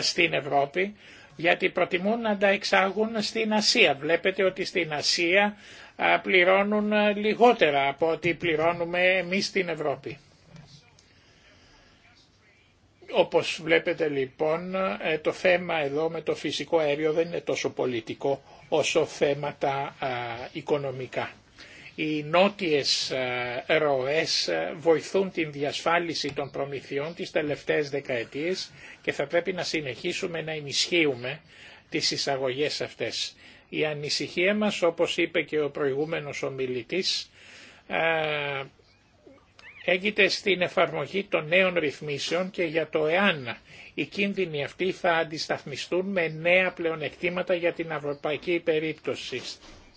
στην Ευρώπη γιατί προτιμούν να τα εξάγουν στην Ασία. Βλέπετε ότι στην Ασία πληρώνουν λιγότερα από ό,τι πληρώνουμε εμείς στην Ευρώπη. Όπως βλέπετε λοιπόν ε, το θέμα εδώ με το φυσικό αέριο δεν είναι τόσο πολιτικό όσο θέματα οικονομικά. Οι νότιες ροές βοηθούν την διασφάλιση των προμηθειών τις τελευταίες δεκαετίες και θα πρέπει να συνεχίσουμε να ενισχύουμε τις εισαγωγές αυτές. Η ανησυχία μας, όπως είπε και ο προηγούμενος ομιλητής, Έγινε στην εφαρμογή των νέων ρυθμίσεων και για το εάν οι κίνδυνοι αυτοί θα αντισταθμιστούν με νέα πλεονεκτήματα για την ευρωπαϊκή περίπτωση.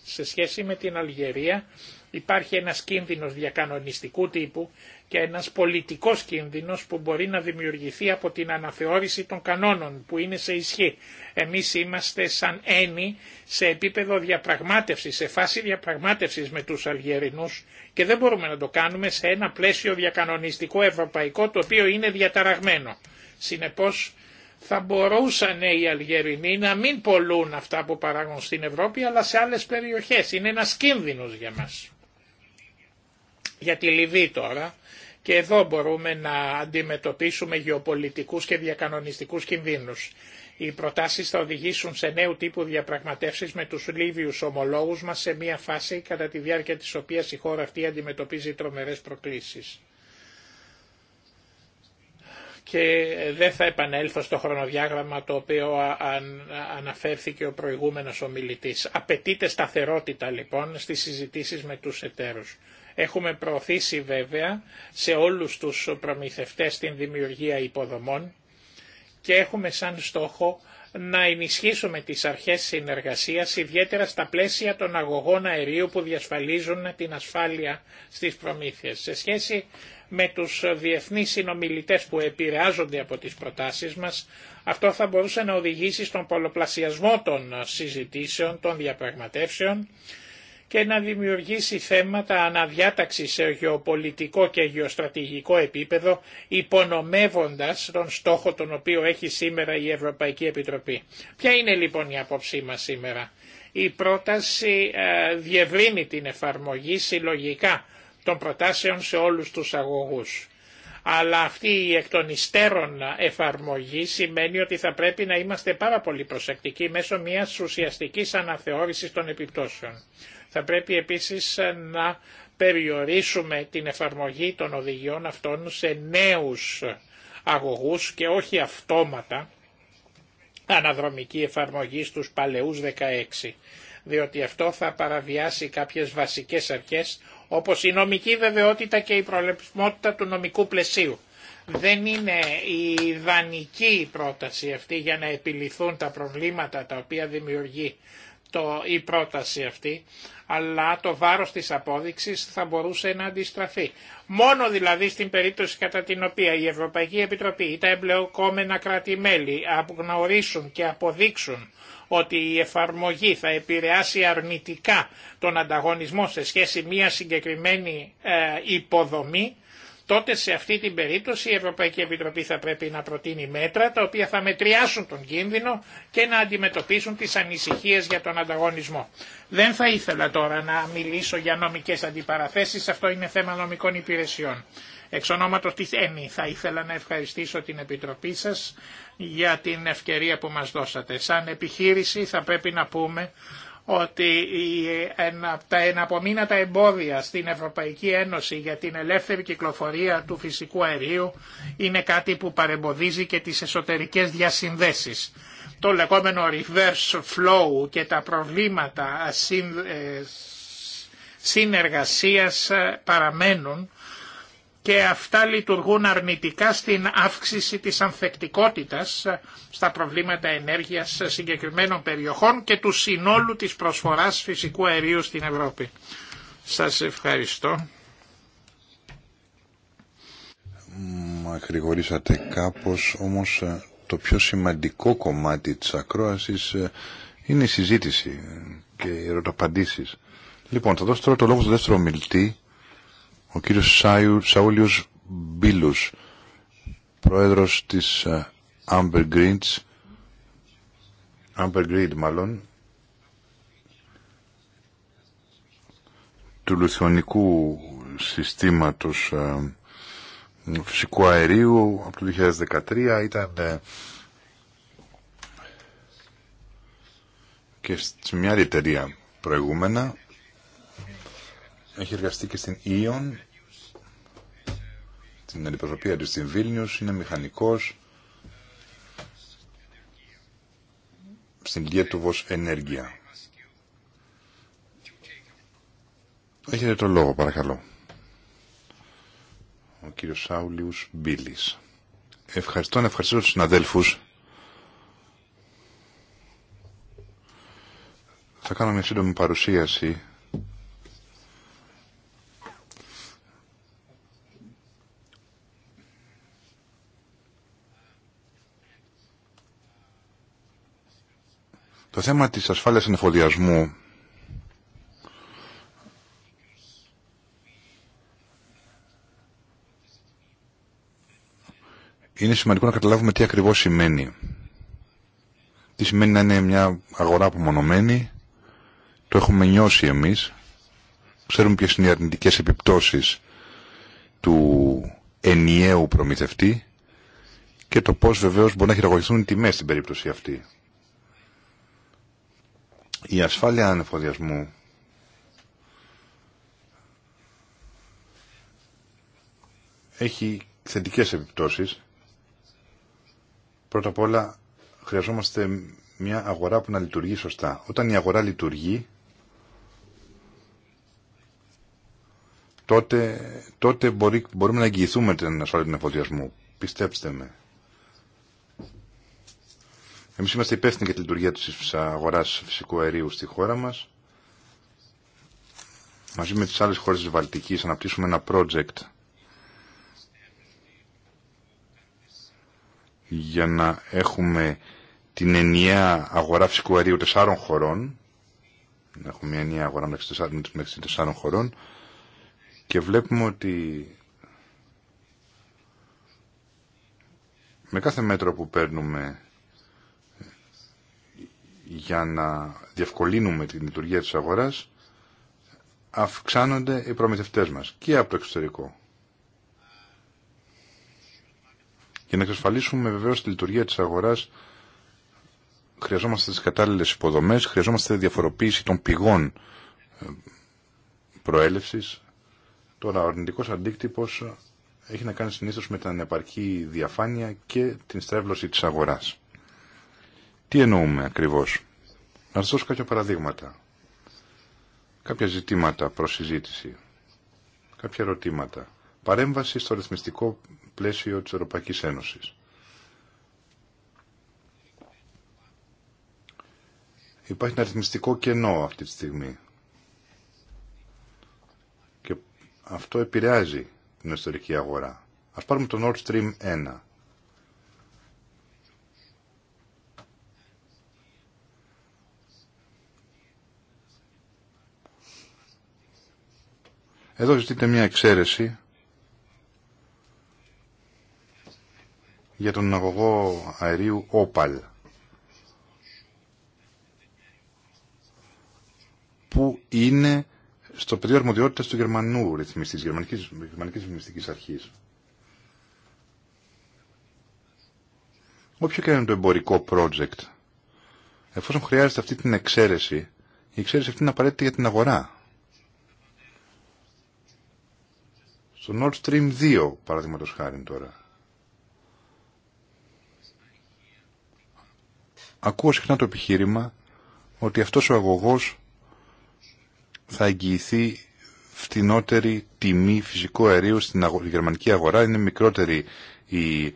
Σε σχέση με την Αλγερία υπάρχει ένας κίνδυνος διακανονιστικού τύπου και ένας πολιτικός κίνδυνος που μπορεί να δημιουργηθεί από την αναθεώρηση των κανόνων που είναι σε ισχύ. Εμείς είμαστε σαν ένι σε επίπεδο διαπραγμάτευσης, σε φάση διαπραγμάτευσης με τους Αλγερινούς και δεν μπορούμε να το κάνουμε σε ένα πλαίσιο διακανονιστικό ευρωπαϊκό το οποίο είναι διαταραγμένο. Συνεπώς θα μπορούσαν οι Αλγερινοί να μην πολλούν αυτά που παράγουν στην Ευρώπη αλλά σε άλλες περιοχές. Είναι ένας κίνδυνος για μας. Για τη Λιβύη τώρα και εδώ μπορούμε να αντιμετωπίσουμε γεωπολιτικούς και διακανονιστικούς κινδύνους. Οι προτάσεις θα οδηγήσουν σε νέου τύπου διαπραγματεύσεις με τους Λίβιους ομολόγους μας σε μια φάση κατά τη διάρκεια της οποίας η χώρα αυτή αντιμετωπίζει τρομερές προκλήσεις. Και δεν θα επανέλθω στο χρονοδιάγραμμα το οποίο αναφέρθηκε ο προηγούμενος ομιλητής. Απαιτείται σταθερότητα λοιπόν στις συζητήσεις με τους εταίρους. Έχουμε προωθήσει βέβαια σε όλους τους προμηθευτές την δημιουργία υποδομών και έχουμε σαν στόχο να ενισχύσουμε τις αρχές συνεργασίας ιδιαίτερα στα πλαίσια των αγωγών αερίου που διασφαλίζουν την ασφάλεια στις προμήθειες. Σε σχέση με τους διεθνείς συνομιλητές που επηρεάζονται από τις προτάσεις μας, αυτό θα μπορούσε να οδηγήσει στον πολλοπλασιασμό των συζητήσεων, των διαπραγματεύσεων και να δημιουργήσει θέματα αναδιάταξη σε γεωπολιτικό και γεωστρατηγικό επίπεδο, υπονομεύοντας τον στόχο τον οποίο έχει σήμερα η Ευρωπαϊκή Επιτροπή. Ποια είναι λοιπόν η απόψή μας σήμερα. Η πρόταση ε, διευρύνει την εφαρμογή συλλογικά των προτάσεων σε όλους τους αγωγούς. Αλλά αυτή η εκ των υστέρων εφαρμογή σημαίνει ότι θα πρέπει να είμαστε πάρα πολύ προσεκτικοί μέσω μιας ουσιαστικής αναθεώρησης των επιπτώσεων. Θα πρέπει επίσης να περιορίσουμε την εφαρμογή των οδηγιών αυτών σε νέους αγωγούς και όχι αυτόματα αναδρομική εφαρμογή στους παλαιούς 16, διότι αυτό θα παραβιάσει κάποιες βασικές αρχές όπως η νομική βεβαιότητα και η προλεπισμότητα του νομικού πλαισίου. Δεν είναι η ιδανική πρόταση αυτή για να επιληθούν τα προβλήματα τα οποία δημιουργεί το, η πρόταση αυτή, αλλά το βάρος της απόδειξης θα μπορούσε να αντιστραφεί. Μόνο δηλαδή στην περίπτωση κατά την οποία η Ευρωπαϊκή Επιτροπή ή τα εμπλεκόμενα κράτη-μέλη απογνωρίσουν και αποδείξουν ότι η τα εμπλεοκομενα κρατη μελη απογνωρισουν και αποδειξουν οτι η εφαρμογη θα επηρεάσει αρνητικά τον ανταγωνισμό σε σχέση μια συγκεκριμένη ε, υποδομή, τότε σε αυτή την περίπτωση η Ευρωπαϊκή Επιτροπή θα πρέπει να προτείνει μέτρα τα οποία θα μετριάσουν τον κίνδυνο και να αντιμετωπίσουν τις ανησυχίες για τον ανταγωνισμό. Δεν θα ήθελα τώρα να μιλήσω για νομικές αντιπαραθέσεις, αυτό είναι θέμα νομικών υπηρεσιών. Εξ ονόματος της ΕΝΗ θα ήθελα να ευχαριστήσω την Επιτροπή σας για την ευκαιρία που μας δώσατε. Σαν επιχείρηση θα πρέπει να πούμε ότι τα εναπομείνατα εμπόδια στην Ευρωπαϊκή Ένωση για την ελεύθερη κυκλοφορία του φυσικού αερίου είναι κάτι που παρεμποδίζει και τις εσωτερικές διασυνδέσεις. Το λεγόμενο reverse flow και τα προβλήματα ε, συνεργασίας ε, παραμένουν και αυτά λειτουργούν αρνητικά στην αύξηση της ανθεκτικότητας ε, στα προβλήματα ενέργειας συγκεκριμένων περιοχών και του συνόλου της προσφοράς φυσικού αερίου στην Ευρώπη. Σας ευχαριστώ. Μα γρηγορήσατε κάπως, όμως ε, το πιο σημαντικό κομμάτι της ακρόασης ε, είναι η συζήτηση και οι ερωταπαντήσεις. Λοιπόν, θα δώσω τώρα το λόγο στο δεύτερο μιλτή ο κύριος Σαούλιος Μπίλους, πρόεδρος της ε, Amber Greens, Amber Green μάλλον, του Λουθιονικού Συστήματος ε, Φυσικού Αερίου από το 2013 ήταν ε, και σε μια άλλη εταιρεία προηγούμενα έχει εργαστεί και στην Ίον, την αντιπροσωπεία του στην Βίλνιους, είναι μηχανικός στην Διέτουβος Ενέργεια. Έχετε το λόγο, παρακαλώ. Ο κύριος Σάουλιους Μπίλης. Ευχαριστώ, ευχαριστώ τους συναδέλφους. Θα κάνω μια σύντομη παρουσίαση Το θέμα της ασφάλειας ανεφοδιασμού είναι σημαντικό να καταλάβουμε τι ακριβώς σημαίνει. Τι σημαίνει να είναι μια αγορά απομονωμένη, το έχουμε νιώσει εμείς, ξέρουμε ποιες είναι οι αρνητικές επιπτώσεις του ενιαίου προμηθευτή και το πώς βεβαίως μπορεί να χειραγωγηθούν οι τιμές στην περίπτωση αυτή. Η ασφάλεια ανεφοδιασμού έχει θετικές επιπτώσεις. Πρώτα απ' όλα χρειαζόμαστε μια αγορά που να λειτουργεί σωστά. Όταν η αγορά λειτουργεί, τότε, τότε μπορεί, μπορούμε να εγγυηθούμε την ασφάλεια του εφοδιασμού. Πιστέψτε με. Εμείς είμαστε υπεύθυνοι για τη λειτουργία της αγοράς φυσικού αερίου στη χώρα μας. Μαζί με τις άλλες χώρες της Βαλτικής αναπτύσσουμε ένα project για να έχουμε την ενιαία αγορά φυσικού αερίου τεσσάρων χωρών. Να έχουμε μια ενιαία αγορά μεταξύ τεσσάρων χωρών. Και βλέπουμε ότι με κάθε μέτρο που παίρνουμε για να διευκολύνουμε την λειτουργία της αγοράς αυξάνονται οι προμηθευτές μας και από το εξωτερικό. Για να εξασφαλίσουμε βεβαίως τη λειτουργία της αγοράς χρειαζόμαστε τις κατάλληλες υποδομές, χρειαζόμαστε διαφοροποίηση των πηγών ε, προέλευσης. Τώρα ο αρνητικός αντίκτυπος έχει να κάνει συνήθως με την ανεπαρκή διαφάνεια και την στρέβλωση της αγοράς. Τι εννοούμε ακριβώς. Να σας δώσω κάποια παραδείγματα. Κάποια ζητήματα προς συζήτηση. Κάποια ερωτήματα. Παρέμβαση στο ρυθμιστικό πλαίσιο της Ευρωπαϊκής Ένωσης. Υπάρχει ένα ρυθμιστικό κενό αυτή τη στιγμή. Και αυτό επηρεάζει την ιστορική αγορά. Ας πάρουμε τον Nord Stream 1. Εδώ ζητείτε μια εξαίρεση για τον αγωγό αερίου Όπαλ που είναι στο πεδίο αρμοδιότητας του Γερμανού ρυθμιστή, Γερμανικής, Γερμανικής Ρυθμιστικής Αρχής. Όποιο και είναι το εμπορικό project, εφόσον χρειάζεται αυτή την εξαίρεση, η εξαίρεση αυτή είναι απαραίτητη για την αγορά. Στο Nord Stream 2, παραδείγματο χάρη τώρα. Ακούω συχνά το επιχείρημα ότι αυτός ο αγωγός θα εγγυηθεί φτηνότερη τιμή φυσικού αερίου στην γερμανική αγορά. Είναι μικρότερη η, η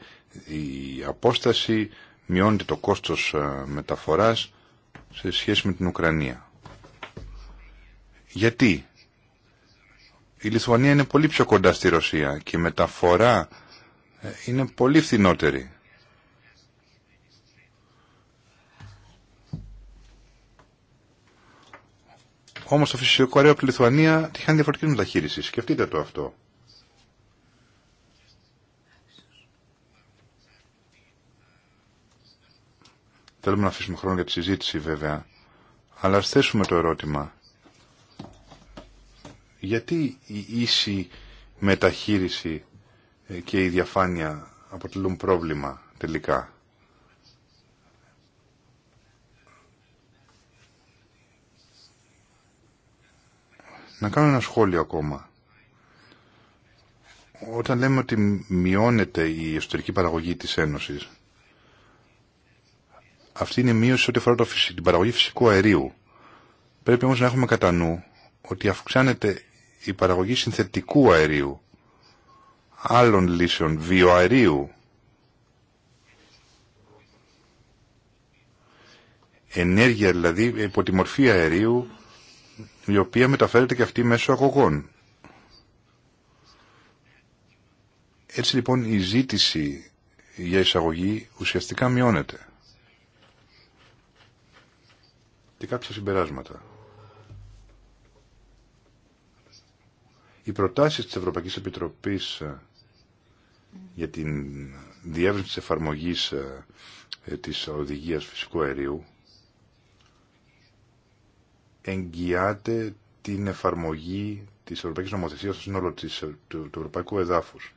απόσταση, μειώνεται το κόστος ε, μεταφοράς σε σχέση με την Ουκρανία. Γιατί η Λιθουανία είναι πολύ πιο κοντά στη Ρωσία και η μεταφορά ε, είναι πολύ φθηνότερη. Όμως το φυσικό αέριο από τη Λιθουανία είχαν διαφορετική μεταχείριση. Σκεφτείτε το αυτό. Θέλουμε να αφήσουμε χρόνο για τη συζήτηση βέβαια. Αλλά ας θέσουμε το ερώτημα γιατί η ίση μεταχείριση ε, και η διαφάνεια αποτελούν πρόβλημα τελικά. Να κάνω ένα σχόλιο ακόμα. Όταν λέμε ότι μειώνεται η εσωτερική παραγωγή της Ένωσης, αυτή είναι η μείωση ό,τι αφορά την παραγωγή φυσικού αερίου. Πρέπει όμως να έχουμε κατά νου ότι αυξάνεται η παραγωγή συνθετικού αερίου, άλλων λύσεων βιοαερίου, ενέργεια δηλαδή υπό τη μορφή αερίου, η οποία μεταφέρεται και αυτή μέσω αγωγών. Έτσι λοιπόν η ζήτηση για εισαγωγή ουσιαστικά μειώνεται. Και κάποια συμπεράσματα. Οι προτάσεις της Ευρωπαϊκής Επιτροπής ε, για την διεύρυνση της εφαρμογής ε, ε, της οδηγίας φυσικού αερίου εγγυάται την εφαρμογή της Ευρωπαϊκής Νομοθεσίας στο σύνολο της, του, Ευρωπαϊκού Εδάφους.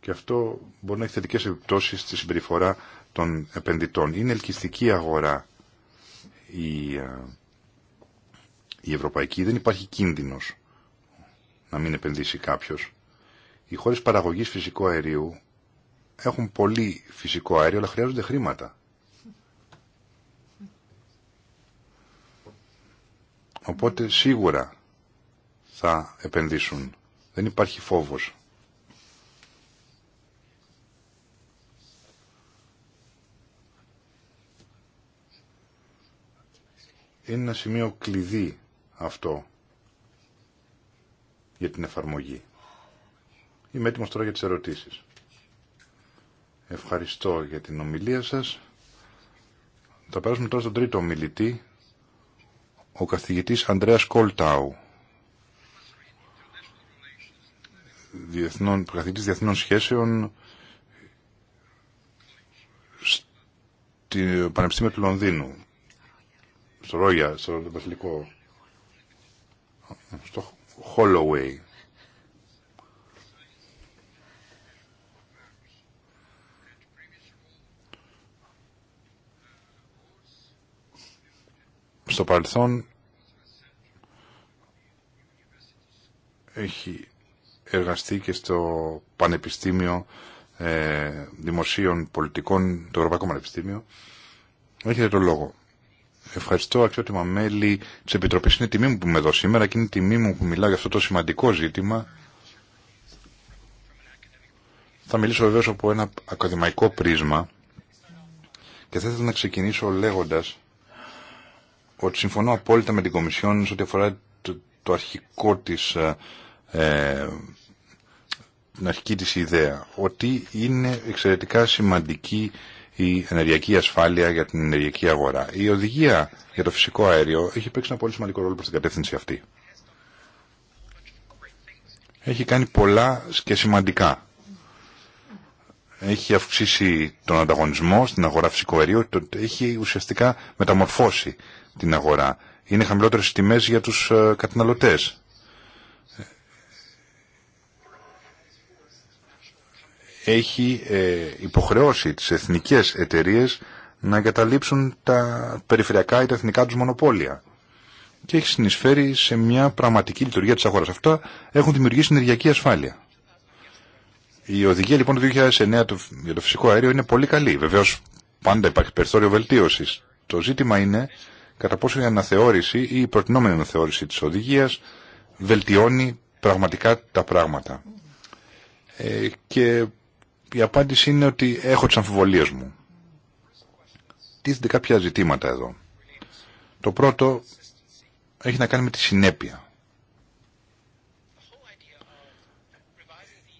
Και αυτό μπορεί να έχει θετικέ επιπτώσει στη συμπεριφορά των επενδυτών. Είναι ελκυστική αγορά η η ευρωπαϊκή δεν υπάρχει κίνδυνος να μην επενδύσει κάποιος. Οι χώρες παραγωγής φυσικού αερίου έχουν πολύ φυσικό αέριο αλλά χρειάζονται χρήματα. Οπότε σίγουρα θα επενδύσουν. Δεν υπάρχει φόβος. Είναι ένα σημείο κλειδί αυτό για την εφαρμογή. Είμαι έτοιμος τώρα για τις ερωτήσεις. Ευχαριστώ για την ομιλία σας. Θα περάσουμε τώρα στον τρίτο ομιλητή, ο καθηγητής Ανδρέας Κόλταου, διεθνών, καθηγητής διεθνών σχέσεων στην Πανεπιστήμιο του Λονδίνου, στο Ρόγια, στο Βασιλικό στο Holloway. Στο παρελθόν έχει εργαστεί και στο Πανεπιστήμιο ε, Δημοσίων Πολιτικών, το Ευρωπαϊκό Πανεπιστήμιο. Έχετε το λόγο. Ευχαριστώ αξιότιμα μέλη της Επιτροπής. Είναι τιμή μου που είμαι εδώ σήμερα και είναι τιμή μου που μιλάω για αυτό το σημαντικό ζήτημα. Θα μιλήσω βεβαίως από ένα ακαδημαϊκό πρίσμα και θα ήθελα να ξεκινήσω λέγοντας ότι συμφωνώ απόλυτα με την Κομισιόν σε ό,τι αφορά το, το αρχικό της ε, ε, την αρχική της ιδέα ότι είναι εξαιρετικά σημαντική η ενεργειακή ασφάλεια για την ενεργειακή αγορά. Η οδηγία για το φυσικό αέριο έχει παίξει ένα πολύ σημαντικό ρόλο προς την κατεύθυνση αυτή. Έχει κάνει πολλά και σημαντικά. Έχει αυξήσει τον ανταγωνισμό στην αγορά φυσικού αερίου, έχει ουσιαστικά μεταμορφώσει την αγορά. Είναι χαμηλότερες τιμές για τους ε, καταναλωτές. έχει ε, υποχρεώσει τις εθνικές εταιρείες να εγκαταλείψουν τα περιφερειακά ή τα εθνικά τους μονοπόλια και έχει συνεισφέρει σε μια πραγματική λειτουργία της αγοράς. Αυτά έχουν δημιουργήσει ενεργειακή ασφάλεια. Η οδηγία λοιπόν του 2009 για το φυσικό αέριο είναι πολύ καλή. Βεβαίως πάντα υπάρχει περιθώριο βελτίωσης. Το ζήτημα είναι κατά πόσο η αναθεώρηση ή η προτινόμενη αναθεώρηση της οδηγίας βελτιώνει πραγματικά τα πράγματα. Ε, και η απάντηση είναι ότι έχω τις αμφιβολίες μου. Τίθενται κάποια ζητήματα εδώ. Το πρώτο έχει να κάνει με τη συνέπεια.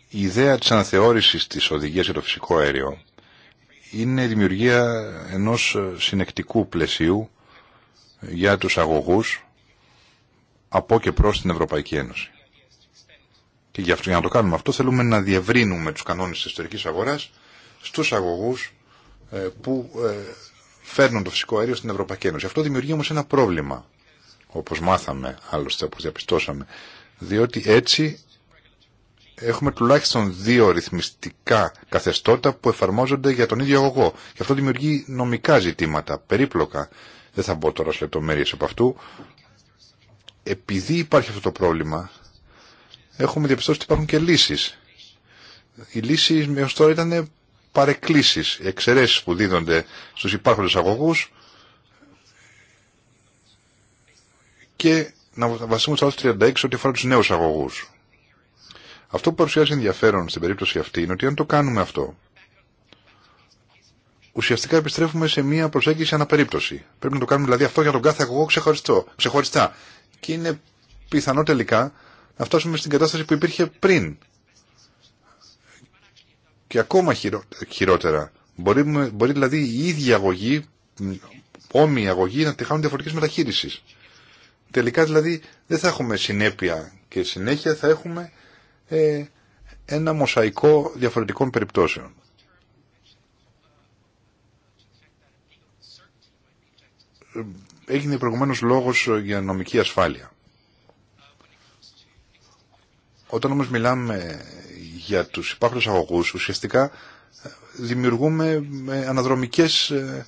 Η ιδέα της αναθεώρησης της οδηγίας για το φυσικό αέριο είναι η δημιουργία ενός συνεκτικού πλαισίου για τους αγωγούς από και προς την Ευρωπαϊκή Ένωση. Και για, αυτό, να το κάνουμε αυτό θέλουμε να διευρύνουμε τους κανόνες της εσωτερικής αγοράς στους αγωγούς ε, που ε, φέρνουν το φυσικό αέριο στην Ευρωπαϊκή Ένωση. Αυτό δημιουργεί όμως ένα πρόβλημα, όπως μάθαμε, άλλωστε όπως διαπιστώσαμε, διότι έτσι έχουμε τουλάχιστον δύο ρυθμιστικά καθεστώτα που εφαρμόζονται για τον ίδιο αγωγό. Και αυτό δημιουργεί νομικά ζητήματα, περίπλοκα. Δεν θα μπω τώρα σε λεπτομέρειε από αυτού. Επειδή υπάρχει αυτό το πρόβλημα, έχουμε διαπιστώσει ότι υπάρχουν και λύσει. Οι λύσει, έως τώρα ήταν παρεκκλήσει, εξαιρεσει που δίδονται στου υπάρχοντες αγωγούς και να βασίσουμε στο άρθρο 36 ό,τι αφορά του νέους αγωγούς. Αυτό που παρουσιάζει ενδιαφέρον στην περίπτωση αυτή είναι ότι αν το κάνουμε αυτό, ουσιαστικά επιστρέφουμε σε μια προσέγγιση αναπερίπτωση. Πρέπει να το κάνουμε δηλαδή αυτό για τον κάθε αγωγό ξεχωριστό, ξεχωριστά. Και είναι πιθανό τελικά να φτάσουμε στην κατάσταση που υπήρχε πριν. Και ακόμα χειρότερα. Μπορεί, μπορεί δηλαδή η ίδια αγωγή, όμοια αγωγή, να τη χάνουν διαφορετικές μεταχείρισεις. Τελικά δηλαδή δεν θα έχουμε συνέπεια και συνέχεια θα έχουμε ε, ένα μοσαϊκό διαφορετικών περιπτώσεων. Έγινε προηγουμένως λόγος για νομική ασφάλεια. Όταν όμως μιλάμε για τους υπάρχοντες αγωγούς, ουσιαστικά ε, δημιουργούμε ε, αναδρομικές, ε,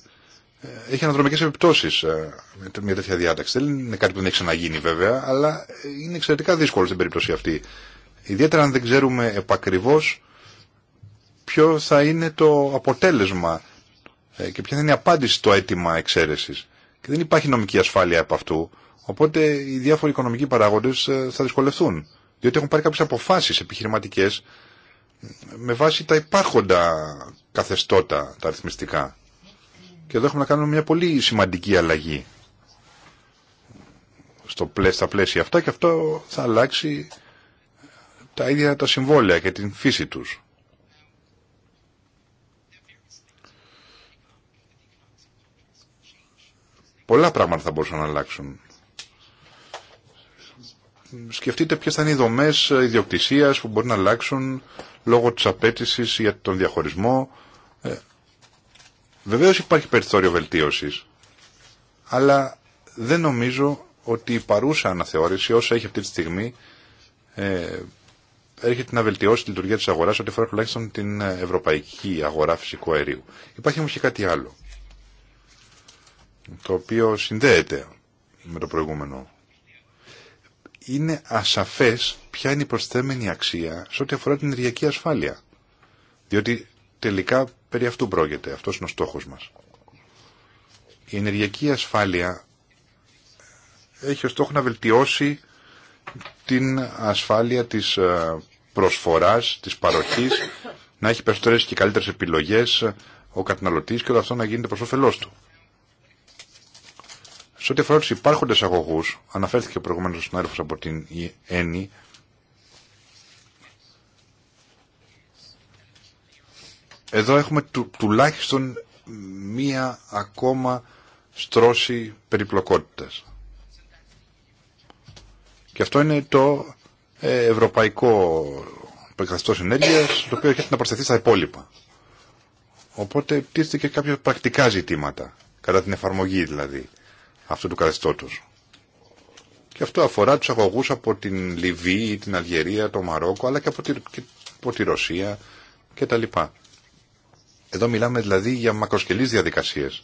έχει αναδρομικές επιπτώσεις με μια τέτοια διάταξη. Δεν είναι κάτι που δεν έχει ξαναγίνει βέβαια, αλλά είναι εξαιρετικά δύσκολο στην περίπτωση αυτή. Ιδιαίτερα αν δεν ξέρουμε επακριβώς ποιο θα είναι το αποτέλεσμα και ποια θα είναι η απάντηση στο αίτημα εξαίρεσης. Και δεν υπάρχει νομική ασφάλεια από αυτού, οπότε οι διάφοροι οικονομικοί παράγοντες θα δυσκολευτούν διότι έχουν πάρει κάποιε αποφάσεις επιχειρηματικές με βάση τα υπάρχοντα καθεστώτα τα αριθμιστικά. Και εδώ έχουμε να κάνουμε μια πολύ σημαντική αλλαγή στο στα πλαίσια αυτά και αυτό θα αλλάξει τα ίδια τα συμβόλαια και την φύση τους. Πολλά πράγματα θα μπορούσαν να αλλάξουν σκεφτείτε ποιες θα είναι οι δομές ιδιοκτησίας που μπορεί να αλλάξουν λόγω της απέτηση για τον διαχωρισμό. Ε, βεβαίως υπάρχει περιθώριο βελτίωσης, αλλά δεν νομίζω ότι η παρούσα αναθεώρηση, όσα έχει αυτή τη στιγμή, ε, έρχεται να βελτιώσει τη λειτουργία της αγοράς ό,τι αφορά τουλάχιστον την ε, ευρωπαϊκή αγορά φυσικού αερίου. Υπάρχει όμως και κάτι άλλο, το οποίο συνδέεται με το προηγούμενο είναι ασαφές ποια είναι η προσθέμενη αξία σε ό,τι αφορά την ενεργειακή ασφάλεια. Διότι τελικά περί αυτού πρόκειται. Αυτός είναι ο στόχος μας. Η ενεργειακή ασφάλεια έχει ως στόχο να βελτιώσει την ασφάλεια της ε, προσφοράς, της παροχής, να έχει περισσότερες και καλύτερες επιλογές ε, ο καταναλωτής και όλο αυτό να γίνεται προς όφελός του. Σε ό,τι αφορά του υπάρχοντε αγωγού, αναφέρθηκε προηγουμένω ο συνάδελφο από την ΕΝΗ, εδώ έχουμε τουλάχιστον μία ακόμα στρώση περιπλοκότητας. Και αυτό είναι το ε, ευρωπαϊκό καθεστώ ενέργεια, το οποίο έρχεται να προσθεθεί στα υπόλοιπα. Οπότε πτήσεται και κάποια πρακτικά ζητήματα, κατά την εφαρμογή δηλαδή αυτού του καθεστώτο. Και αυτό αφορά του αγωγού από την Λιβύη, την Αλγερία, το Μαρόκο, αλλά και από τη, από τη Ρωσία κτλ. Εδώ μιλάμε δηλαδή για μακροσκελεί διαδικασίες,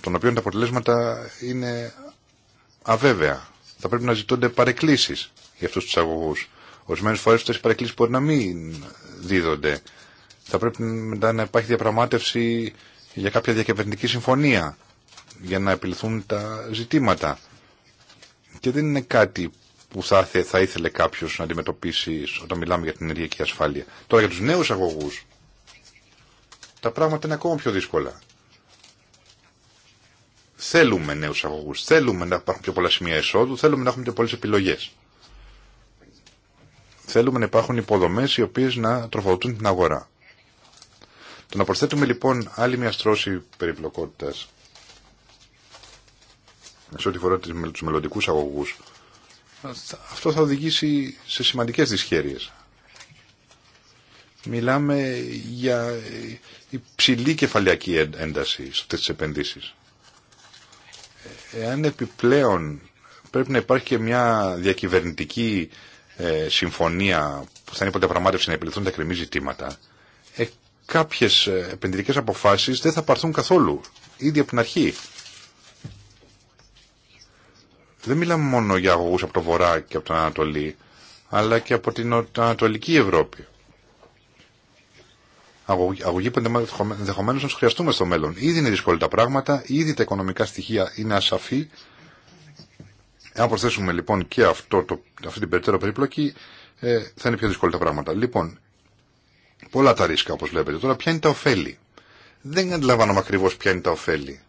των οποίων τα αποτελέσματα είναι αβέβαια. Θα πρέπει να ζητώνται παρεκκλήσει για αυτού τους αγωγούς. Ορισμένε φορέ αυτέ οι παρεκκλήσει μπορεί να μην δίδονται. Θα πρέπει μετά να υπάρχει διαπραγμάτευση για κάποια διακυβερνητική συμφωνία για να επιληθούν τα ζητήματα. Και δεν είναι κάτι που θα, θα ήθελε κάποιος να αντιμετωπίσει όταν μιλάμε για την ενεργειακή ασφάλεια. Τώρα για τους νέους αγωγούς τα πράγματα είναι ακόμα πιο δύσκολα. Θέλουμε νέους αγωγούς, θέλουμε να υπάρχουν πιο πολλά σημεία εισόδου, θέλουμε να έχουμε πιο πολλές επιλογές. Θέλουμε να υπάρχουν υποδομές οι οποίες να τροφοδοτούν την αγορά. Το να προσθέτουμε λοιπόν άλλη μια στρώση περιπλοκότητας σε ό,τι φορά του μελλοντικού αγωγούς, αυτό θα οδηγήσει σε σημαντικές δυσχέρειε. Μιλάμε για υψηλή κεφαλιακή ένταση σε αυτέ τι επενδύσεις. Εάν επιπλέον πρέπει να υπάρχει και μια διακυβερνητική ε, συμφωνία που θα είναι υποδιαπραγμάτευση να επιληθούν τα κρεμή ζητήματα, ε, κάποιες ε, επενδυτικές αποφάσεις δεν θα παρθούν καθόλου, ήδη από την αρχή δεν μιλάμε μόνο για αγωγούς από το Βορρά και από την Ανατολή, αλλά και από την Ανατολική Ευρώπη. Αγωγή που ενδεχομένω να του χρειαστούμε στο μέλλον. Ήδη είναι δύσκολα τα πράγματα, ήδη τα οικονομικά στοιχεία είναι ασαφή. Αν προσθέσουμε λοιπόν και αυτό, το, αυτή την περαιτέρω περιπλοκή, ε, θα είναι πιο δύσκολα τα πράγματα. Λοιπόν, πολλά τα ρίσκα όπω βλέπετε. Τώρα, ποια είναι τα ωφέλη. Δεν αντιλαμβάνομαι ακριβώ ποια είναι τα ωφέλη.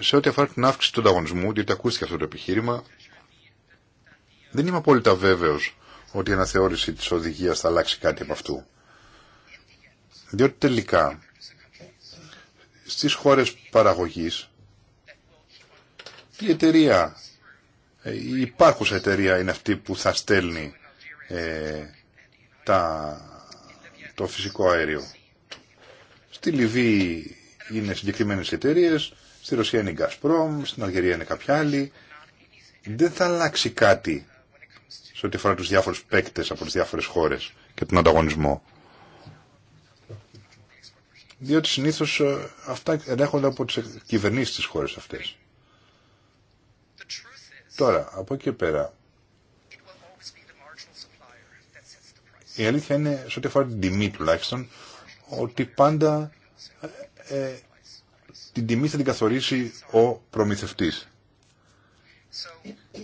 Σε ό,τι αφορά την αύξηση του ανταγωνισμού, διότι ακούστηκε αυτό το επιχείρημα, δεν είμαι απόλυτα βέβαιο ότι η αναθεώρηση τη οδηγία θα αλλάξει κάτι από αυτού. Διότι τελικά στι χώρε παραγωγή η εταιρεία, η υπάρχουσα εταιρεία είναι αυτή που θα στέλνει ε, τα, το φυσικό αέριο. Στη Λιβύη είναι συγκεκριμένες εταιρείες, Στη Ρωσία είναι η Γκάσπρομ, στην Αλγερία είναι κάποια άλλη. Δεν θα αλλάξει κάτι σε ό,τι αφορά τους διάφορους παίκτες από τις διάφορες χώρες και τον ανταγωνισμό. Διότι συνήθως ε, αυτά έρχονται από τις κυβερνήσεις της χώρες αυτές. Τώρα, από εκεί πέρα, η αλήθεια είναι, σε ό,τι αφορά την τιμή τουλάχιστον, ότι πάντα ε, την τιμή θα την καθορίσει ο προμηθευτής.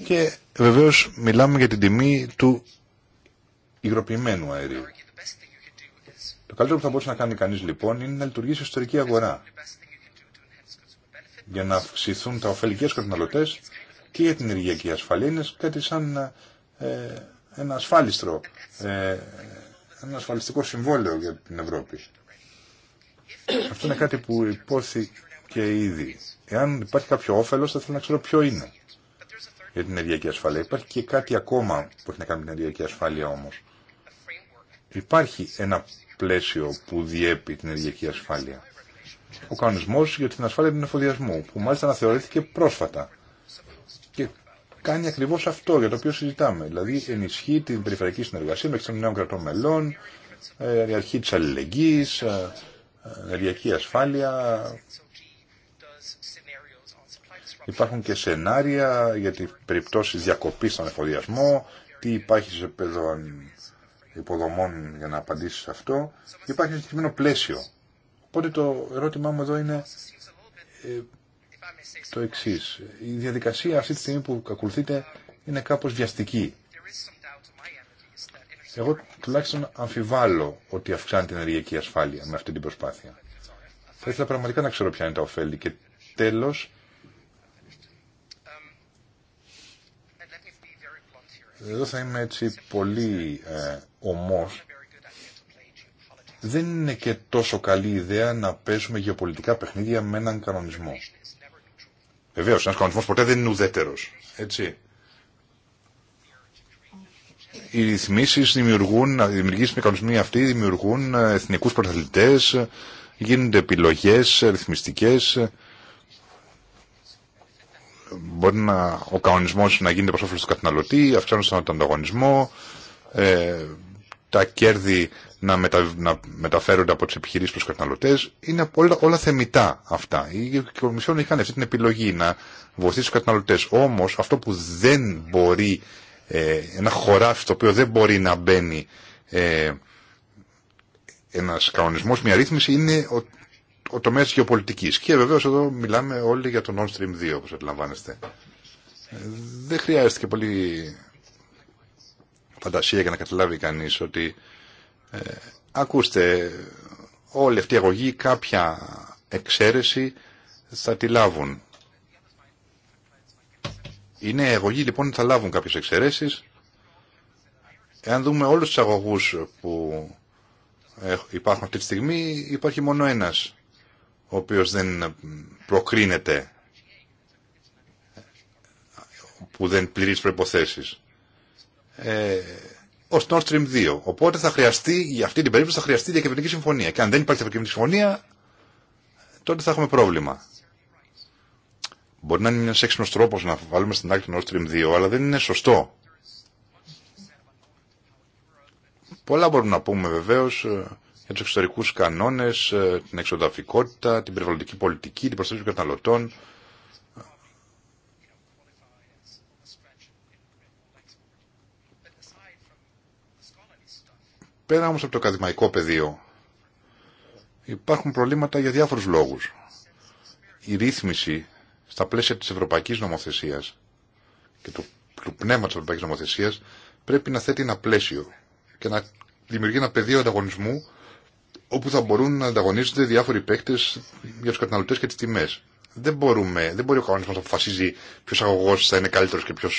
Και βεβαίως μιλάμε για την τιμή του υγροποιημένου αερίου. Το καλύτερο που θα μπορούσε να κάνει κανείς λοιπόν είναι να λειτουργήσει η ιστορική αγορά για να αυξηθούν τα ωφελικές καταναλωτές και για την ενεργειακή ασφάλεια. Είναι κάτι σαν ε, ένα ασφάλιστρο, ε, ένα ασφαλιστικό συμβόλαιο για την Ευρώπη. Αυτό είναι κάτι που υπόθη και ήδη. Εάν υπάρχει κάποιο όφελο, θα ήθελα να ξέρω ποιο είναι για την ενεργειακή ασφάλεια. Υπάρχει και κάτι ακόμα που έχει να κάνει με την ενεργειακή ασφάλεια όμω. Υπάρχει ένα πλαίσιο που διέπει την ενεργειακή ασφάλεια. Ο κανονισμό για την ασφάλεια του εφοδιασμού, που μάλιστα αναθεωρήθηκε πρόσφατα. Και κάνει ακριβώ αυτό για το οποίο συζητάμε. Δηλαδή ενισχύει την περιφερειακή συνεργασία μεταξύ των νέων κρατών μελών, ε, η αρχή τη αλληλεγγύη, ε, ε, ενεργειακή ασφάλεια, Υπάρχουν και σενάρια για τις περιπτώσεις διακοπής στον εφοδιασμό, τι υπάρχει σε επίπεδο υποδομών για να απαντήσει σε αυτό. Υπάρχει ένα συγκεκριμένο πλαίσιο. Οπότε το ερώτημά μου εδώ είναι ε, το εξή. Η διαδικασία αυτή τη στιγμή που ακολουθείτε είναι κάπως βιαστική. Εγώ τουλάχιστον αμφιβάλλω ότι αυξάνει την ενεργειακή ασφάλεια με αυτή την προσπάθεια. Θα ήθελα πραγματικά να ξέρω ποια είναι τα ωφέλη. Και τέλος, εδώ θα είμαι έτσι πολύ ε, ομός, δεν είναι και τόσο καλή ιδέα να παίζουμε γεωπολιτικά παιχνίδια με έναν κανονισμό. Βεβαίω, ένας κανονισμός ποτέ δεν είναι ουδέτερο. Έτσι. Οι ρυθμίσει δημιουργούν, οι δημιουργήσει με κανονισμοί αυτοί δημιουργούν ε, εθνικούς πρωταθλητές, γίνονται επιλογές, ρυθμιστικές μπορεί να, ο κανονισμός να γίνεται προς όφελο του καταναλωτή, αυξάνοντα τον ανταγωνισμό, ε, τα κέρδη να, μετα, να μεταφέρονται από τις επιχειρήσεις προς καταναλωτέ, Είναι όλα, όλα θεμητά αυτά. Η Κομισιόν είχαν αυτή την επιλογή να βοηθήσει τους καταναλωτέ. Όμως αυτό που δεν μπορεί, ε, ένα χωράφι στο οποίο δεν μπορεί να μπαίνει ε, ένας μια ρύθμιση είναι ότι ο τομέα τη γεωπολιτική. Και βεβαίω εδώ μιλάμε όλοι για τον Nord stream 2, όπω αντιλαμβάνεστε. Δεν χρειάζεται και πολύ φαντασία για να καταλάβει κανεί ότι. Ε, ακούστε, όλη αυτή η αγωγή κάποια εξαίρεση θα τη λάβουν. Είναι αγωγοί, λοιπόν θα λάβουν κάποιες εξαιρέσεις. Εάν δούμε όλους τους αγωγούς που υπάρχουν αυτή τη στιγμή, υπάρχει μόνο ένας ο οποίος δεν προκρίνεται που δεν πληρεί τις προϋποθέσεις. Ε, Nord Stream 2. Οπότε θα χρειαστεί, για αυτή την περίπτωση θα χρειαστεί διακυβερνητική συμφωνία. Και αν δεν υπάρχει διακυβερνητική συμφωνία, τότε θα έχουμε πρόβλημα. Μπορεί να είναι ένα έξυπνο τρόπο να βάλουμε στην άκρη Nord Stream 2, αλλά δεν είναι σωστό. Πολλά μπορούμε να πούμε βεβαίω. Ε, για του εξωτερικού κανόνε, ε, την εξοδαφικότητα, την περιβαλλοντική πολιτική, την προστασία των καταναλωτών. Πέρα όμως από το ακαδημαϊκό πεδίο υπάρχουν προβλήματα για διάφορους λόγους. Η ρύθμιση στα πλαίσια της ευρωπαϊκής νομοθεσίας και του, του πνεύμα της ευρωπαϊκής νομοθεσίας πρέπει να θέτει ένα πλαίσιο και να δημιουργεί ένα πεδίο ανταγωνισμού όπου θα μπορούν να ανταγωνίζονται διάφοροι παίκτε για του καταναλωτέ και τι τιμέ. Δεν, δεν μπορεί ο κανονισμό να αποφασίζει ποιο αγωγό θα είναι καλύτερο και ποιο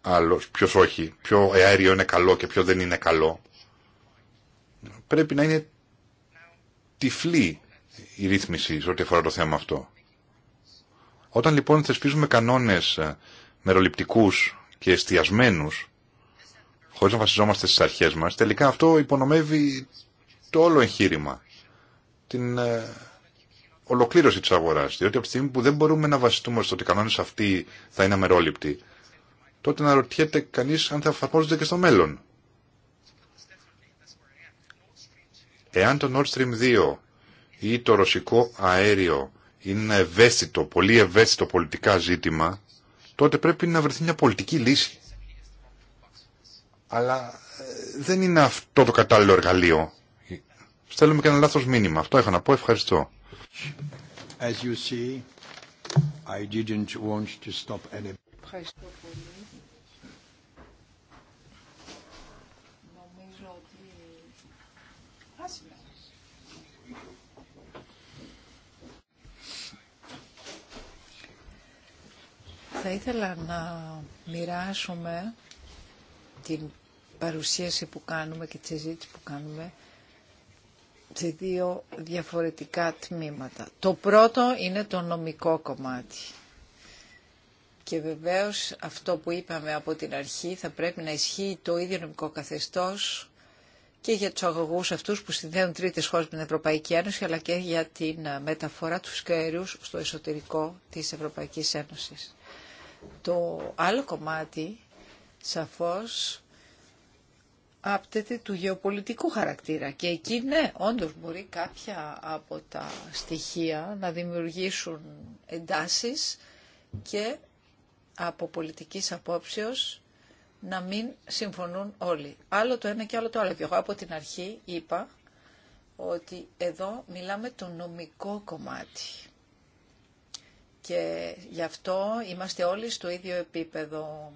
άλλο, ποιο όχι, ποιο αέριο είναι καλό και ποιο δεν είναι καλό. Πρέπει να είναι τυφλή η ρύθμιση σε ό,τι αφορά το θέμα αυτό. Όταν λοιπόν θεσπίζουμε κανόνε μεροληπτικού και εστιασμένου, χωρί να βασιζόμαστε στι αρχέ μα, τελικά αυτό υπονομεύει το όλο εγχείρημα, την ε, ολοκλήρωση της αγοράς, διότι από τη στιγμή που δεν μπορούμε να βασιστούμε στο ότι οι κανόνες αυτοί θα είναι αμερόληπτοι, τότε να ρωτιέται κανείς αν θα εφαρμόζονται και στο μέλλον. Εάν το Nord Stream 2 ή το ρωσικό αέριο είναι ένα ευαίσθητο, πολύ ευαίσθητο πολιτικά ζήτημα, τότε πρέπει να βρεθεί μια πολιτική λύση. Αλλά ε, δεν είναι αυτό το κατάλληλο εργαλείο στέλνουμε και ένα λάθος μήνυμα. Αυτό είχα να πω. Ευχαριστώ. Θα ήθελα να μοιράσουμε την παρουσίαση που κάνουμε και τη συζήτηση που κάνουμε σε δύο διαφορετικά τμήματα. Το πρώτο είναι το νομικό κομμάτι. Και βεβαίως αυτό που είπαμε από την αρχή θα πρέπει να ισχύει το ίδιο νομικό καθεστώς και για τους αγωγούς αυτούς που συνδέουν τρίτες χώρες με την Ευρωπαϊκή Ένωση αλλά και για την ε, μεταφορά του κέρδους στο εσωτερικό της Ευρωπαϊκής Ένωσης. Το άλλο κομμάτι σαφώς άπτεται του γεωπολιτικού χαρακτήρα και εκεί ναι, όντως μπορεί κάποια από τα στοιχεία να δημιουργήσουν εντάσεις και από πολιτικής απόψεως να μην συμφωνούν όλοι. Άλλο το ένα και άλλο το άλλο. Και εγώ από την αρχή είπα ότι εδώ μιλάμε το νομικό κομμάτι. Και γι' αυτό είμαστε όλοι στο ίδιο επίπεδο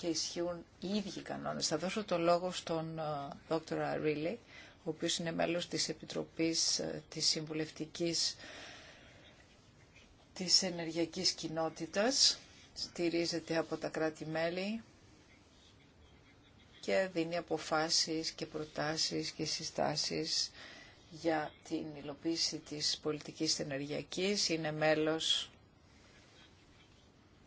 και ισχύουν οι ίδιοι κανόνες. Θα δώσω το λόγο στον ε, δόκτωρα Ρίλι, ο οποίος είναι μέλος της Επιτροπής ε, της Συμβουλευτικής της Ενεργειακής Κοινότητας, στηρίζεται από τα κράτη-μέλη και δίνει αποφάσεις και προτάσεις και συστάσεις για την υλοποίηση της πολιτικής ενεργειακής. Είναι μέλος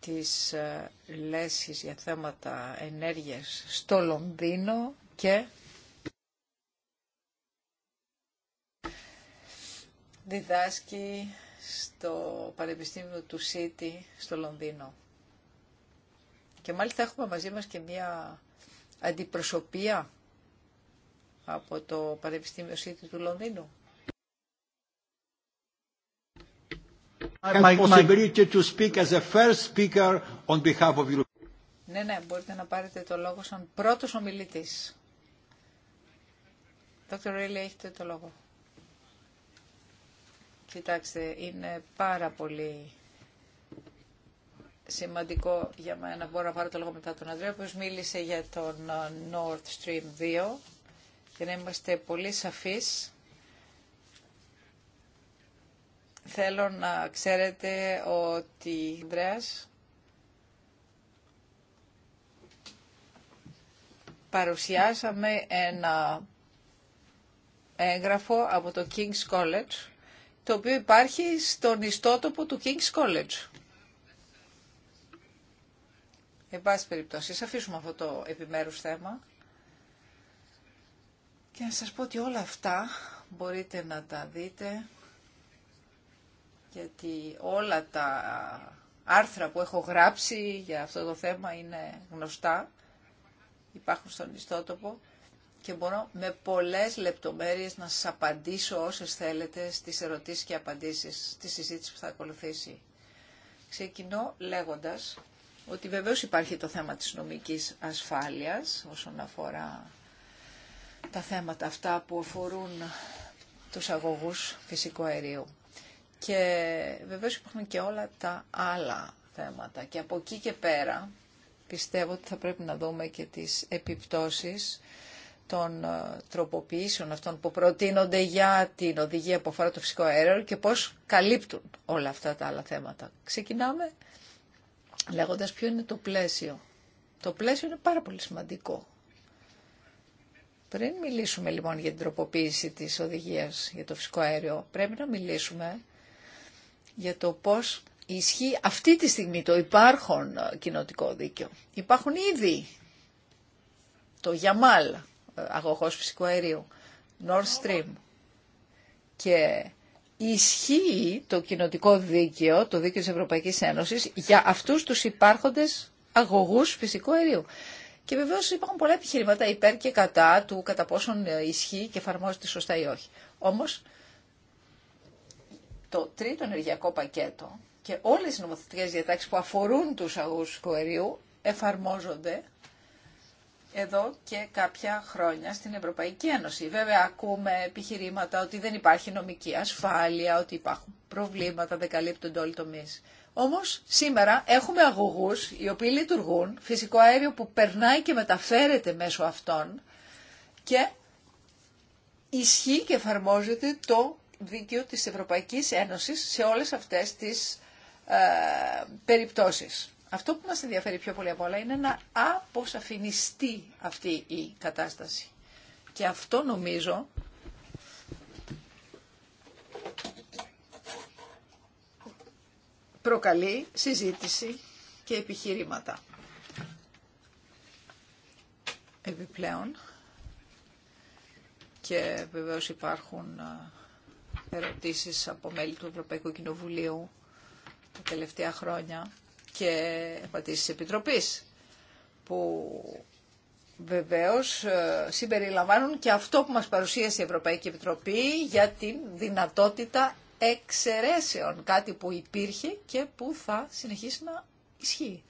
τις ε, λέσεις για θέματα ενέργειας στο Λονδίνο και διδάσκει στο Πανεπιστήμιο του Σίτι στο Λονδίνο. Και μάλιστα έχουμε μαζί μας και μία αντιπροσωπεία από το Πανεπιστήμιο City του Λονδίνου. Ναι, ναι, μπορείτε να πάρετε το λόγο σαν πρώτος ομιλητής. Δόκτωρ Ρέιλι, έχετε το λόγο. Κοιτάξτε, είναι πάρα πολύ σημαντικό για μένα. να Μπορώ να πάρω το λόγο μετά τον Ανδρέα, που μίλησε για τον ε, Nord Stream 2 και να είμαστε πολύ σαφείς Θέλω να ξέρετε ότι Ανδρέας παρουσιάσαμε ένα έγγραφο από το King's College, το οποίο υπάρχει στον ιστότοπο του King's College. Εν πάση περιπτώσει, αφήσουμε αυτό το επιμέρους θέμα. Και να σας πω ότι όλα αυτά μπορείτε να τα δείτε γιατί όλα τα άρθρα που έχω γράψει για αυτό το θέμα είναι γνωστά, υπάρχουν στον ιστότοπο και μπορώ με πολλές λεπτομέρειες να σας απαντήσω όσες θέλετε στις ερωτήσεις και απαντήσεις στη συζήτηση που θα ακολουθήσει. Ξεκινώ λέγοντας ότι βεβαίως υπάρχει το θέμα της νομικής ασφάλειας όσον αφορά τα θέματα αυτά που αφορούν τους αγωγούς φυσικού αερίου. Και βεβαίως υπάρχουν και όλα τα άλλα θέματα. Και από εκεί και πέρα πιστεύω ότι θα πρέπει να δούμε και τις επιπτώσεις των ε, τροποποιήσεων αυτών που προτείνονται για την οδηγία που αφορά το φυσικό αέριο και πώς καλύπτουν όλα αυτά τα άλλα θέματα. Ξεκινάμε λέγοντας ποιο είναι το πλαίσιο. Το πλαίσιο είναι πάρα πολύ σημαντικό. Πριν μιλήσουμε λοιπόν για την τροποποίηση της οδηγίας για το φυσικό αέριο, πρέπει να μιλήσουμε για το πώς ισχύει αυτή τη στιγμή το υπάρχον ε, κοινοτικό δίκαιο. Υπάρχουν ήδη το Γιαμάλ, ε, αγωγός φυσικού αερίου, Nord Stream και ισχύει το κοινοτικό δίκαιο, το δίκαιο της Ευρωπαϊκής Ένωσης, για αυτούς τους υπάρχοντες αγωγούς φυσικού αερίου. Και βεβαίω υπάρχουν πολλά επιχειρήματα υπέρ και κατά του κατά πόσον ε, ισχύει και εφαρμόζεται σωστά ή όχι. Όμως το τρίτο ενεργειακό πακέτο και όλες οι νομοθετικές διατάξεις που αφορούν τους αγούς κοεριού εφαρμόζονται εδώ και κάποια χρόνια στην Ευρωπαϊκή Ένωση. Βέβαια ακούμε επιχειρήματα ότι δεν υπάρχει νομική ασφάλεια, ότι υπάρχουν προβλήματα, δεν καλύπτονται όλοι τομεί. Όμως σήμερα έχουμε αγωγού οι οποίοι λειτουργούν, φυσικό αέριο που περνάει και μεταφέρεται μέσω αυτών και ισχύει και εφαρμόζεται το δίκαιο της Ευρωπαϊκής Ένωσης σε όλες αυτές τις ε, περιπτώσεις. Αυτό που μας ενδιαφέρει πιο πολύ από όλα είναι να αποσαφινιστεί αυτή η κατάσταση. Και αυτό νομίζω προκαλεί συζήτηση και επιχειρήματα. Επιπλέον και βεβαίως υπάρχουν ε, ερωτήσεις από μέλη του Ευρωπαϊκού Κοινοβουλίου τα τελευταία χρόνια και απαντήσεις Επιτροπής που βεβαίως ε, συμπεριλαμβάνουν και αυτό που μας παρουσίασε η Ευρωπαϊκή Επιτροπή για την δυνατότητα εξαιρέσεων, κάτι που υπήρχε και που θα συνεχίσει να ισχύει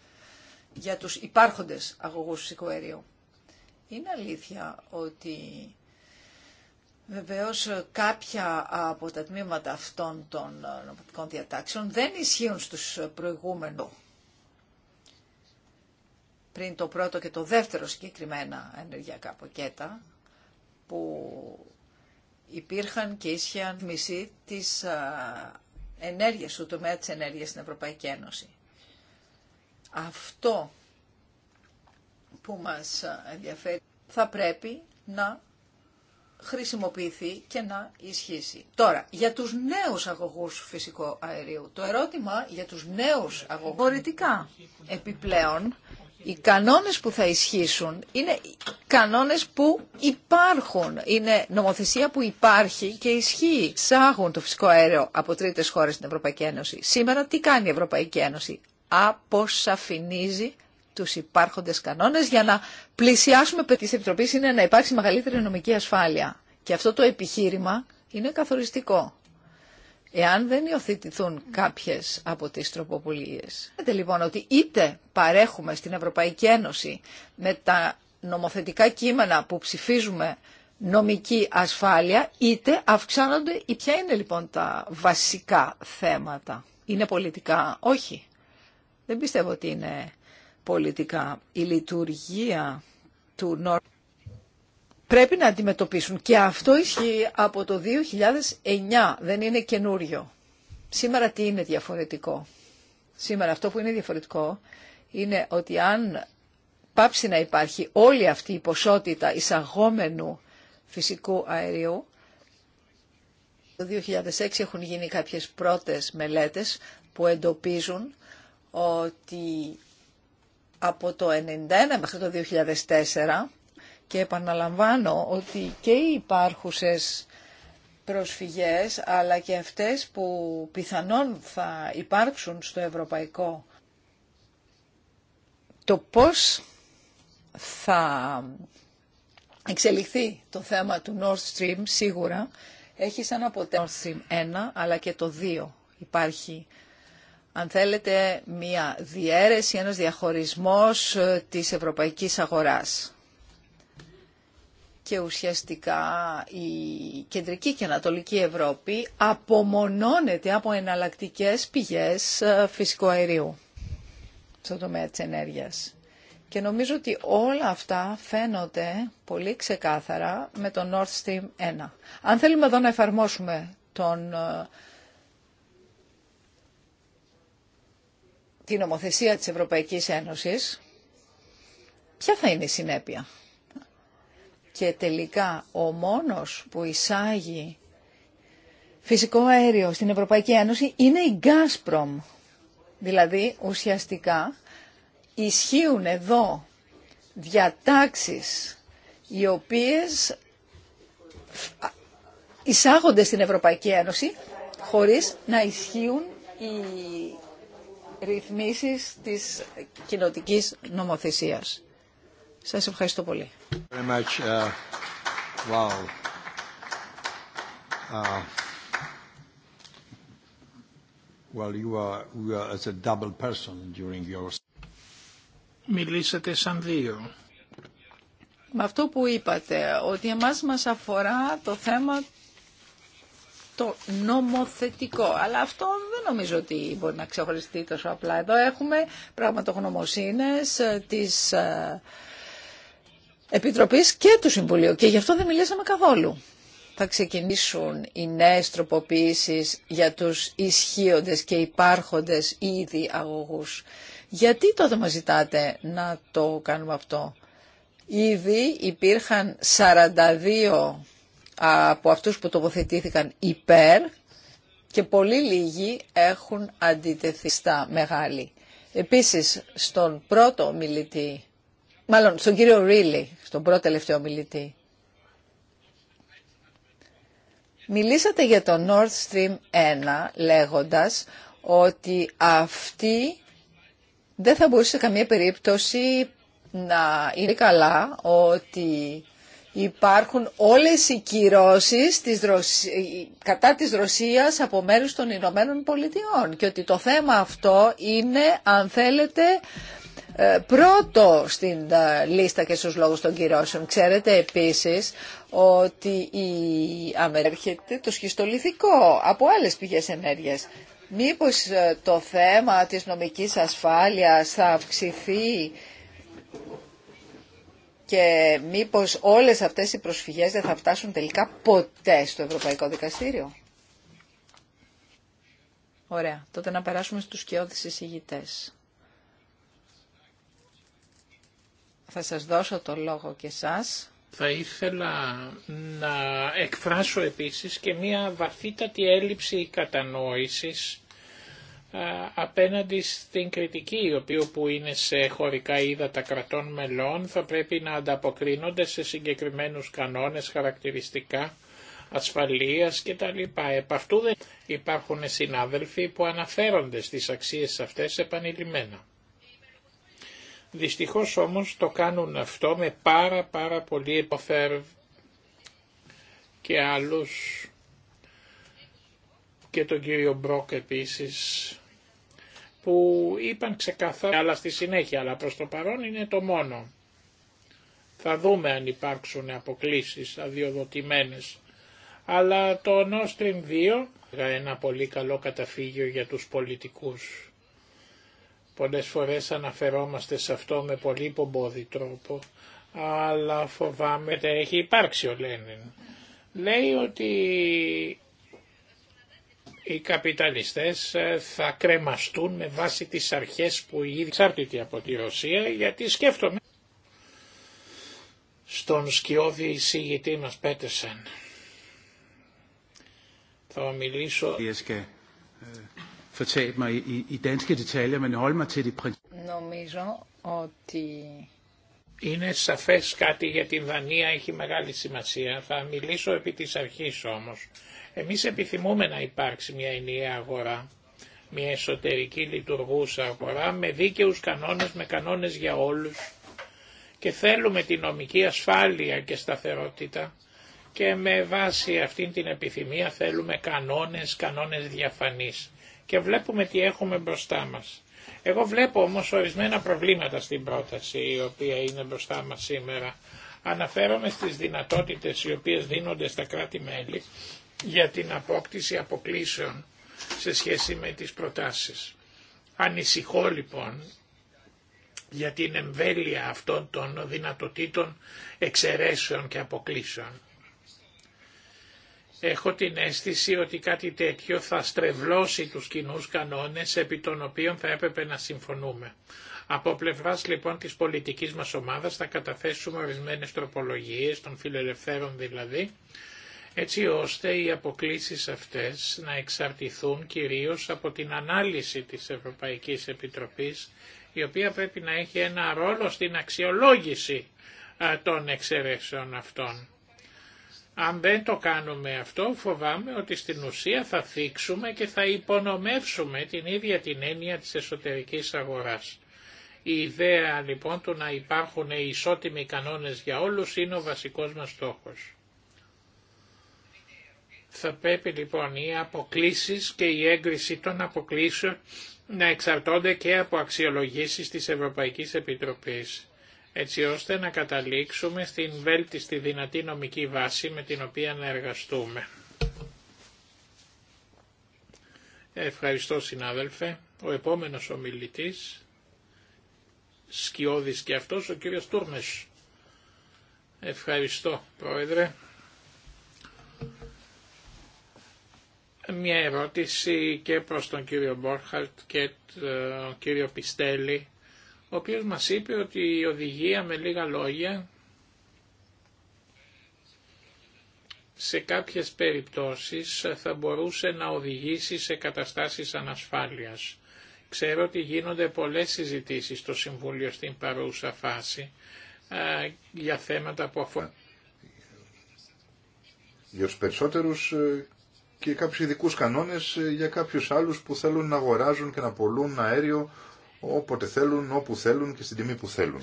για τους υπάρχοντες αγωγούς σηκωερίου. Είναι αλήθεια ότι Βεβαίως κάποια από τα τμήματα αυτών των ε, νομοθετικών διατάξεων δεν ισχύουν στους προηγούμενους. Πριν το πρώτο και το δεύτερο συγκεκριμένα ενεργειακά πακέτα που υπήρχαν και ίσχυαν μισή της ε, ενέργειας, του τομέα της ενέργειας στην Ευρωπαϊκή Ένωση. Αυτό που μας ε, ενδιαφέρει θα πρέπει να χρησιμοποιηθεί και να ισχύσει. Τώρα, για τους νέους αγωγούς φυσικού αερίου. Το ερώτημα για τους νέους αγωγούς... Μπορητικά, επιπλέον, οι κανόνες που θα ισχύσουν είναι κανόνες που υπάρχουν. Είναι νομοθεσία που υπάρχει και ισχύει. Σάγουν το φυσικό αέριο από τρίτες χώρες στην Ευρωπαϊκή Ένωση. Σήμερα τι κάνει η Ευρωπαϊκή Ένωση. Αποσαφηνίζει του υπάρχοντε κανόνε για να πλησιάσουμε τις επιτροπή είναι να υπάρξει μεγαλύτερη νομική ασφάλεια. Και αυτό το επιχείρημα είναι καθοριστικό. Εάν δεν υιοθετηθούν κάποιες από τις τροποπολίε. Λέτε λοιπόν ότι είτε παρέχουμε στην Ευρωπαϊκή Ένωση με τα νομοθετικά κείμενα που ψηφίζουμε νομική ασφάλεια, είτε αυξάνονται. ή Ποια είναι λοιπόν τα βασικά θέματα. Είναι πολιτικά. Όχι. Δεν πιστεύω ότι είναι πολιτικά. Η λειτουργία του Νορ πρέπει να αντιμετωπίσουν και αυτό ισχύει από το 2009, δεν είναι καινούριο. Σήμερα τι είναι διαφορετικό. Σήμερα αυτό που είναι διαφορετικό είναι ότι αν πάψει να υπάρχει όλη αυτή η ποσότητα εισαγόμενου φυσικού αερίου, το 2006 έχουν γίνει κάποιες πρώτες μελέτες που εντοπίζουν ότι από το 1991 μέχρι το 2004 και επαναλαμβάνω ότι και οι υπάρχουσες προσφυγές αλλά και αυτές που πιθανόν θα υπάρξουν στο ευρωπαϊκό το πώς θα εξελιχθεί το θέμα του Nord Stream σίγουρα έχει σαν αποτέλεσμα Nord Stream 1 αλλά και το 2 υπάρχει αν θέλετε, μία διαίρεση, ένας διαχωρισμός ε, της ευρωπαϊκής αγοράς. Και ουσιαστικά η κεντρική και ανατολική Ευρώπη απομονώνεται από εναλλακτικές πηγές ε, φυσικού αερίου στον τομέα της ενέργειας. Και νομίζω ότι όλα αυτά φαίνονται πολύ ξεκάθαρα με το Nord Stream 1. Αν θέλουμε εδώ να εφαρμόσουμε τον ε, την νομοθεσία της Ευρωπαϊκής Ένωσης, ποια θα είναι η συνέπεια. Και τελικά ο μόνος που εισάγει φυσικό αέριο στην Ευρωπαϊκή Ένωση είναι η Gazprom. Δηλαδή ουσιαστικά ισχύουν εδώ διατάξεις οι οποίες εισάγονται στην Ευρωπαϊκή Ένωση χωρίς να ισχύουν οι ρυθμίσεις της κοινοτικής νομοθεσίας. Σας ευχαριστώ πολύ. Very much, uh, wow. uh, well, you are, you are as a double person during your... Μιλήσατε σαν δύο. Με αυτό που είπατε, ότι εμάς μας αφορά το θέμα το νομοθετικό. Αλλά αυτό δεν νομίζω ότι μπορεί να ξεχωριστεί τόσο απλά. Εδώ έχουμε πραγματογνωμοσύνες ε, της ε, Επιτροπής και του Συμβουλίου και γι' αυτό δεν μιλήσαμε καθόλου. Θα ξεκινήσουν οι νέες τροποποιήσεις για τους ισχύοντες και υπάρχοντες ήδη αγωγούς. Γιατί τότε μας ζητάτε να το κάνουμε αυτό. Ήδη υπήρχαν 42 από αυτούς που τοποθετήθηκαν υπέρ και πολύ λίγοι έχουν αντιτεθεί στα μεγάλη. Επίσης, στον πρώτο μιλητή, μάλλον στον κύριο Ρίλι, στον πρώτο τελευταίο μιλητή, μιλήσατε για το Nord Stream 1 λέγοντας ότι αυτή δεν θα μπορούσε σε καμία περίπτωση να είναι καλά ότι υπάρχουν όλες οι κυρώσεις της κατά της Ρωσίας από μέρους των Ηνωμένων Πολιτειών και ότι το θέμα αυτό είναι αν θέλετε ε, πρώτο στην ε, λίστα και στους λόγους των κυρώσεων. Ξέρετε επίσης ότι η έρχεται το σχιστολιθικό από άλλες πηγές ενέργειας. Μήπως ε, το θέμα της νομικής ασφάλειας θα αυξηθεί και μήπως όλες αυτές οι προσφυγές δεν θα φτάσουν τελικά ποτέ στο Ευρωπαϊκό Δικαστήριο. Ωραία. Τότε να περάσουμε στους σκιώδεις εισηγητές. Θα σας δώσω το λόγο και σας. Θα ήθελα να εκφράσω επίσης και μια βαθύτατη έλλειψη κατανόησης απέναντι στην κριτική η οποία που είναι σε χωρικά τα κρατών μελών θα πρέπει να ανταποκρίνονται σε συγκεκριμένους κανόνες, χαρακτηριστικά, ασφαλείας κτλ. Επ' αυτού δεν υπάρχουν συνάδελφοι που αναφέρονται στις αξίες αυτές επανειλημμένα. Δυστυχώς όμως το κάνουν αυτό με πάρα πάρα πολύ υποφέρ και άλλους και τον κύριο Μπρόκ επίσης που είπαν ξεκαθαρά αλλά στη συνέχεια, αλλά προς το παρόν είναι το μόνο. Θα δούμε αν υπάρξουν αποκλήσεις αδειοδοτημένες. Αλλά το Nord Stream 2 ένα πολύ καλό καταφύγιο για τους πολιτικούς. Πολλές φορές αναφερόμαστε σε αυτό με πολύ πομπόδι τρόπο, αλλά φοβάμαι ότι έχει υπάρξει ο Λένιν. Λέει ότι οι καπιταλιστές ε, θα κρεμαστούν με βάση τις αρχές που ήδη ίδιοι από τη Ρωσία γιατί σκέφτομαι στον σκιώδη εισηγητή μας πέτεσαν. Θα μιλήσω... Øh, Νομίζω ότι... Είναι σαφές κάτι για την Δανία, έχει μεγάλη σημασία. Θα μιλήσω επί της αρχής όμως. Εμείς επιθυμούμε να υπάρξει μια ενιαία αγορά, μια εσωτερική λειτουργούσα αγορά με δίκαιους κανόνες, με κανόνες για όλους και θέλουμε την νομική ασφάλεια και σταθερότητα και με βάση αυτήν την επιθυμία θέλουμε κανόνες, κανόνες διαφανής και βλέπουμε τι έχουμε μπροστά μας. Εγώ βλέπω όμως ορισμένα προβλήματα στην πρόταση η οποία είναι μπροστά μας σήμερα. Αναφέρομαι στις δυνατότητες οι οποίες δίνονται στα κράτη-μέλη για την απόκτηση αποκλήσεων σε σχέση με τις προτάσεις. Ανησυχώ λοιπόν για την εμβέλεια αυτών των δυνατοτήτων εξαιρέσεων και αποκλήσεων. Έχω την αίσθηση ότι κάτι τέτοιο θα στρεβλώσει τους κοινού κανόνες επί των οποίων θα έπρεπε να συμφωνούμε. Από πλευράς λοιπόν της πολιτικής μας ομάδας θα καταθέσουμε ορισμένες τροπολογίες των φιλελευθέρων δηλαδή, έτσι ώστε οι αποκλήσεις αυτές να εξαρτηθούν κυρίως από την ανάλυση της Ευρωπαϊκής Επιτροπής, η οποία πρέπει να έχει ένα ρόλο στην αξιολόγηση των εξαιρέσεων αυτών. Αν δεν το κάνουμε αυτό φοβάμαι ότι στην ουσία θα θίξουμε και θα υπονομεύσουμε την ίδια την έννοια της εσωτερικής αγοράς. Η ιδέα λοιπόν του να υπάρχουν ισότιμοι κανόνες για όλους είναι ο βασικός μας στόχος. Θα πρέπει λοιπόν οι αποκλήσεις και η έγκριση των αποκλήσεων να εξαρτώνται και από αξιολογήσεις της Ευρωπαϊκής Επιτροπής, έτσι ώστε να καταλήξουμε στην βέλτιστη δυνατή νομική βάση με την οποία να εργαστούμε. Ευχαριστώ συνάδελφε. Ο επόμενος ομιλητής, σκιώδης και αυτός, ο κύριος Τούρμες. Ευχαριστώ πρόεδρε. Μια ερώτηση και προς τον κύριο Μπόρχαρτ και τον κύριο Πιστέλη, ο οποίος μας είπε ότι η οδηγία με λίγα λόγια σε κάποιες περιπτώσεις θα μπορούσε να οδηγήσει σε καταστάσεις ανασφάλειας. Ξέρω ότι γίνονται πολλές συζητήσεις στο Συμβούλιο στην παρούσα φάση ε, για θέματα που αφορούν. Για τους περισσότερους ε, και κάποιου ειδικού κανόνες ε, για κάποιου άλλους που θέλουν να αγοράζουν και να πολλούν αέριο όποτε θέλουν, όπου θέλουν και στην τιμή που θέλουν.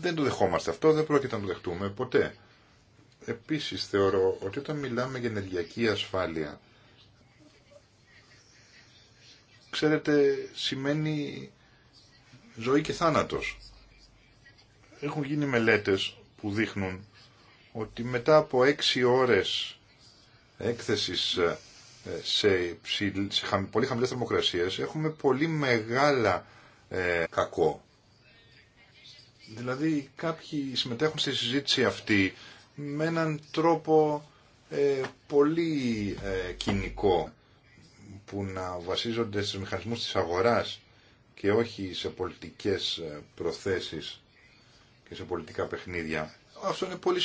Δεν το δεχόμαστε αυτό, δεν πρόκειται να το δεχτούμε ποτέ. Επίσης θεωρώ ότι όταν μιλάμε για ενεργειακή ασφάλεια, ξέρετε, σημαίνει ζωή και θάνατος. Έχουν γίνει μελέτες που δείχνουν ότι μετά από έξι ώρες έκθεσης ε, σε, πολύ χαμηλές θερμοκρασίες έχουμε πολύ μεγάλα ε, κακό. Δηλαδή κάποιοι συμμετέχουν στη συζήτηση αυτή με έναν τρόπο ε, πολύ ε, κοινικό που να βασίζονται στους μηχανισμούς της αγοράς και όχι σε πολιτικές προθέσεις και σε πολιτικά παιχνίδια. Αυτό είναι πολύ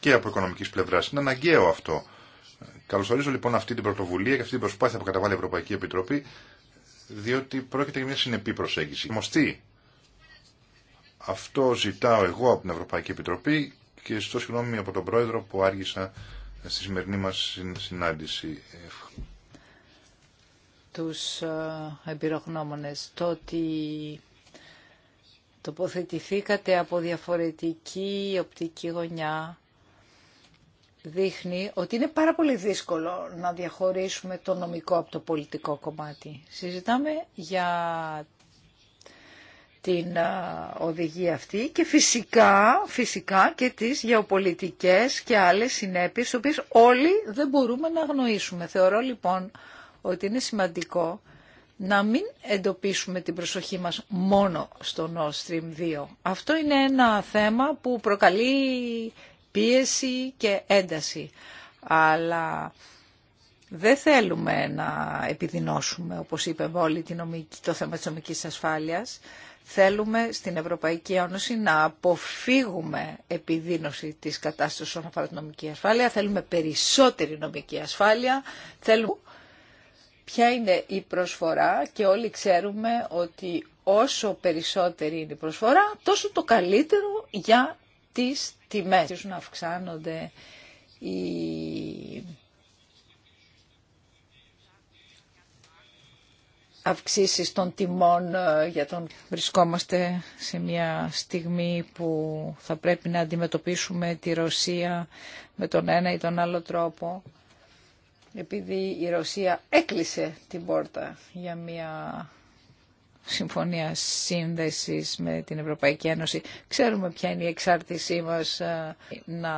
και από οικονομικής πλευράς. Είναι αναγκαίο αυτό. Καλωσορίζω λοιπόν αυτή την πρωτοβουλία και αυτή την προσπάθεια που καταβάλει η Ευρωπαϊκή Επιτροπή, διότι πρόκειται για μια συνεπή προσέγγιση. Μοστή. Αυτό ζητάω εγώ από την Ευρωπαϊκή Επιτροπή και ζητώ συγγνώμη από τον Πρόεδρο που άργησα στη σημερινή μας συνάντηση. Τους ε, εμπειρογνώμονε, το ότι τοποθετηθήκατε από διαφορετική οπτική γωνιά δείχνει ότι είναι πάρα πολύ δύσκολο να διαχωρίσουμε το νομικό από το πολιτικό κομμάτι. Συζητάμε για την οδηγία αυτή και φυσικά, φυσικά και τις γεωπολιτικές και άλλες συνέπειες, οποίες όλοι δεν μπορούμε να αγνοήσουμε. Θεωρώ λοιπόν ότι είναι σημαντικό να μην εντοπίσουμε την προσοχή μας μόνο στο Nord Stream 2. Αυτό είναι ένα θέμα που προκαλεί πίεση και ένταση. Αλλά δεν θέλουμε να επιδεινώσουμε, όπως είπε όλοι, το θέμα της νομικής ασφάλειας. Θέλουμε στην Ευρωπαϊκή Ένωση να αποφύγουμε επιδείνωση της κατάστασης όσον αφορά την νομική ασφάλεια. Θέλουμε περισσότερη νομική ασφάλεια. Θέλουμε ποια είναι η προσφορά και όλοι ξέρουμε ότι όσο περισσότερη είναι η προσφορά, τόσο το καλύτερο για τις τιμές. Να αυξάνονται οι αυξήσεις των τιμών ε, για τον... Βρισκόμαστε σε μια στιγμή που θα πρέπει να αντιμετωπίσουμε τη Ρωσία με τον ένα ή τον άλλο τρόπο επειδή η Ρωσία έκλεισε την πόρτα για μια συμφωνία σύνδεσης με την Ευρωπαϊκή Ένωση. Ξέρουμε ποια είναι η εξάρτησή μας ε, να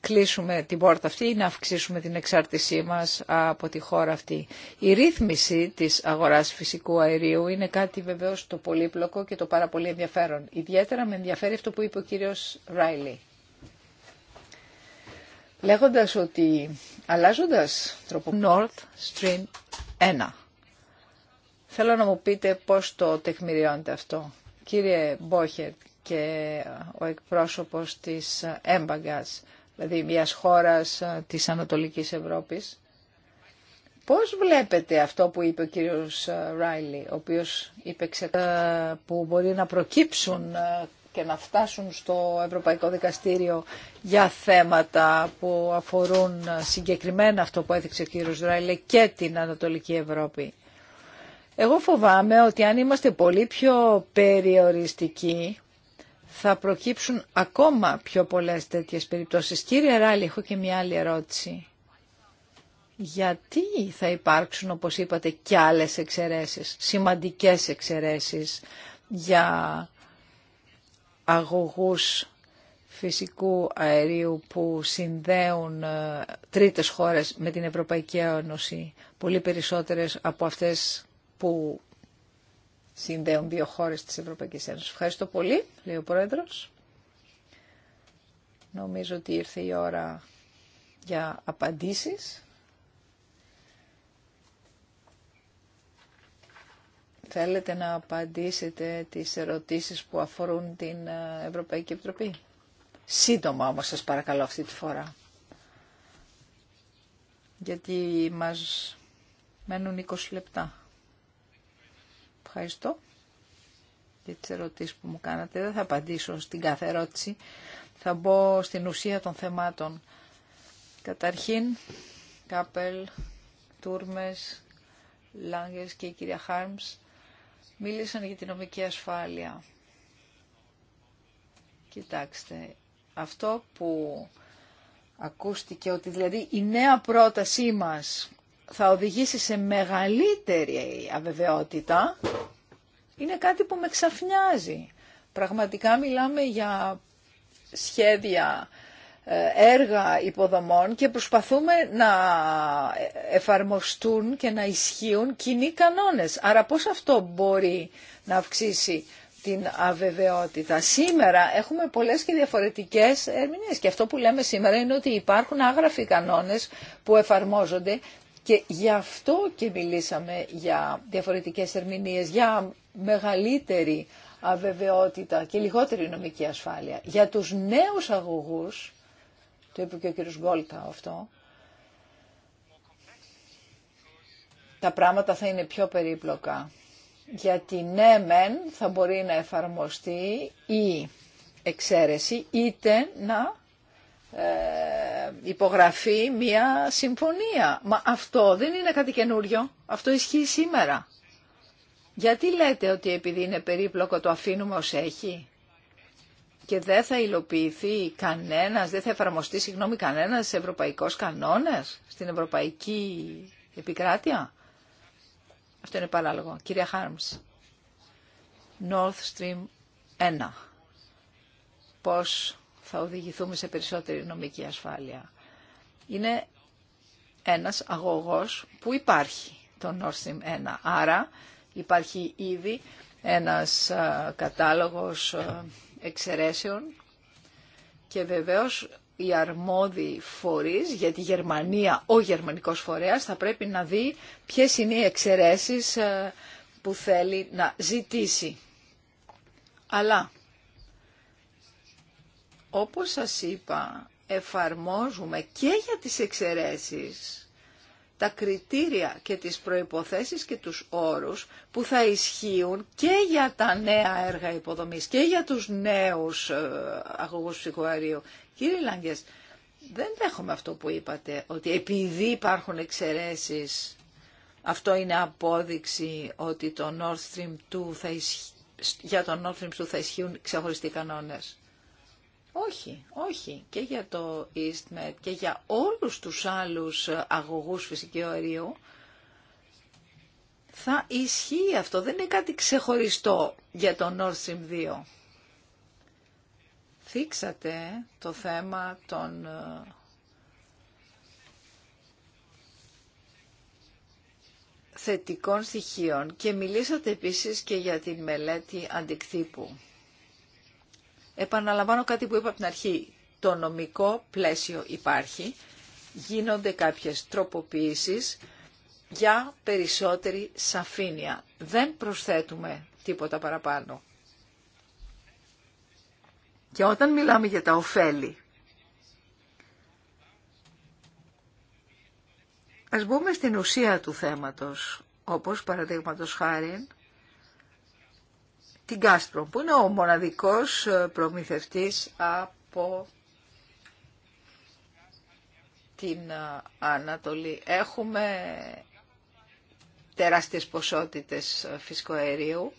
κλείσουμε την πόρτα αυτή ή να αυξήσουμε την εξάρτησή μας από τη χώρα αυτή. Η ρύθμιση της αγοράς φυσικού αερίου είναι κάτι βεβαίως το πολύπλοκο και το πάρα πολύ ενδιαφέρον. Ιδιαίτερα με ενδιαφέρει αυτό που είπε ο κύριος Ράιλι. Λέγοντας ότι αλλάζοντας τρόπο North Stream 1 Θέλω να μου πείτε πώς το τεχμηριώνετε αυτό. Κύριε Μπόχερ και ο εκπρόσωπος της Έμπαγκας, δηλαδή μιας χώρας ε, της Ανατολικής Ευρώπης, πώς βλέπετε αυτό που είπε ο κύριος ε, Ράιλι, ο οποίος είπε ξεκάθαρα ε, που μπορεί να προκύψουν και να φτάσουν στο Ευρωπαϊκό Δικαστήριο για θέματα που αφορούν συγκεκριμένα αυτό που έδειξε ο κύριος Ράιλε και την Ανατολική Ευρώπη. Εγώ φοβάμαι ότι αν είμαστε πολύ πιο περιοριστικοί θα προκύψουν ακόμα πιο πολλές τέτοιες περιπτώσεις. Κύριε Ράλη, έχω και μια άλλη ερώτηση. Γιατί θα υπάρξουν, όπως είπατε, και άλλες εξαιρέσεις, σημαντικές εξαιρέσεις για αγωγούς φυσικού αερίου που συνδέουν ε, τρίτες χώρες με την Ευρωπαϊκή Ένωση, πολύ περισσότερες από αυτές που συνδέουν δύο χώρες της Ευρωπαϊκής Ένωσης. Ευχαριστώ πολύ, λέει ο Πρόεδρος. Νομίζω ότι ήρθε η ώρα για απαντήσεις. Θέλετε να απαντήσετε τις ερωτήσεις που αφορούν την ε, Ευρωπαϊκή Επιτροπή. Σύντομα όμως σας παρακαλώ αυτή τη φορά. Γιατί μας μένουν 20 λεπτά. Ευχαριστώ για τις ερωτήσεις που μου κάνατε. Δεν θα απαντήσω στην κάθε ερώτηση. Θα μπω στην ουσία των θεμάτων. Καταρχήν, Κάπελ, Τούρμες, Λάγκες και η κυρία Χάρμς μίλησαν για την νομική ασφάλεια. Κοιτάξτε, αυτό που ακούστηκε ότι δηλαδή η νέα πρότασή μας θα οδηγήσει σε μεγαλύτερη αβεβαιότητα είναι κάτι που με ξαφνιάζει. Πραγματικά μιλάμε για σχέδια ε, έργα υποδομών και προσπαθούμε να εφαρμοστούν και να ισχύουν κοινοί κανόνες. Άρα πώς αυτό μπορεί να αυξήσει την αβεβαιότητα. Σήμερα έχουμε πολλές και διαφορετικές ερμηνείες και αυτό που λέμε σήμερα είναι ότι υπάρχουν άγραφοι κανόνες που εφαρμόζονται και γι' αυτό και μιλήσαμε για διαφορετικές ερμηνείες, για μεγαλύτερη αβεβαιότητα και λιγότερη νομική ασφάλεια. Για τους νέους αγωγούς, το είπε και ο κύριος Γκόλτα αυτό, τα πράγματα θα είναι πιο περίπλοκα. Γιατί ναι μεν θα μπορεί να εφαρμοστεί η εξαίρεση είτε να ε, υπογραφεί μια συμφωνία. Μα αυτό δεν είναι κάτι καινούριο. Αυτό ισχύει σήμερα. Γιατί λέτε ότι επειδή είναι περίπλοκο το αφήνουμε ως έχει και δεν θα υλοποιηθεί κανένας, δεν θα εφαρμοστεί συγγνώμη κανένας ευρωπαϊκός κανόνες στην ευρωπαϊκή επικράτεια. Αυτό είναι παράλογο. Κυρία Χάρμς, North Stream 1. Πώς θα οδηγηθούμε σε περισσότερη νομική ασφάλεια. Είναι ένας αγωγός που υπάρχει το Nord Stream 1. Άρα υπάρχει ήδη ένας κατάλογος εξαιρέσεων και βεβαίως οι αρμόδιοι φορείς για τη Γερμανία, ο γερμανικός φορέας θα πρέπει να δει ποιες είναι οι εξαιρέσεις που θέλει να ζητήσει. Αλλά όπως σας είπα, εφαρμόζουμε και για τις εξαιρέσεις τα κριτήρια και τις προϋποθέσεις και τους όρους που θα ισχύουν και για τα νέα έργα υποδομής και για τους νέους ε, αγωγούς ψυχοαρίου. Κύριε Λάγκες, δεν δέχομαι αυτό που είπατε, ότι επειδή υπάρχουν εξαιρέσεις, αυτό είναι απόδειξη ότι το Nord Stream 2 θα για το Nord Stream 2 θα ισχύουν ξεχωριστοί κανόνες. Όχι, όχι. Και για το EastMed και για όλους τους άλλους αγωγούς φυσικού αερίου θα ισχύει αυτό. Δεν είναι κάτι ξεχωριστό για το Nord Stream 2. Θίξατε το θέμα των ε, θετικών στοιχείων και μιλήσατε επίσης και για τη μελέτη αντικτύπου. Επαναλαμβάνω κάτι που είπα από την αρχή. Το νομικό πλαίσιο υπάρχει, γίνονται κάποιες τροποποιήσεις για περισσότερη σαφήνεια. Δεν προσθέτουμε τίποτα παραπάνω. Και όταν μιλάμε για τα ωφέλη, ας μπούμε στην ουσία του θέματος, όπως παραδείγματος χάρη την που είναι ο μοναδικός ε, προμηθευτής από την ε, Ανατολή. Έχουμε τεράστιες ποσότητες ε, φυσικοαερίου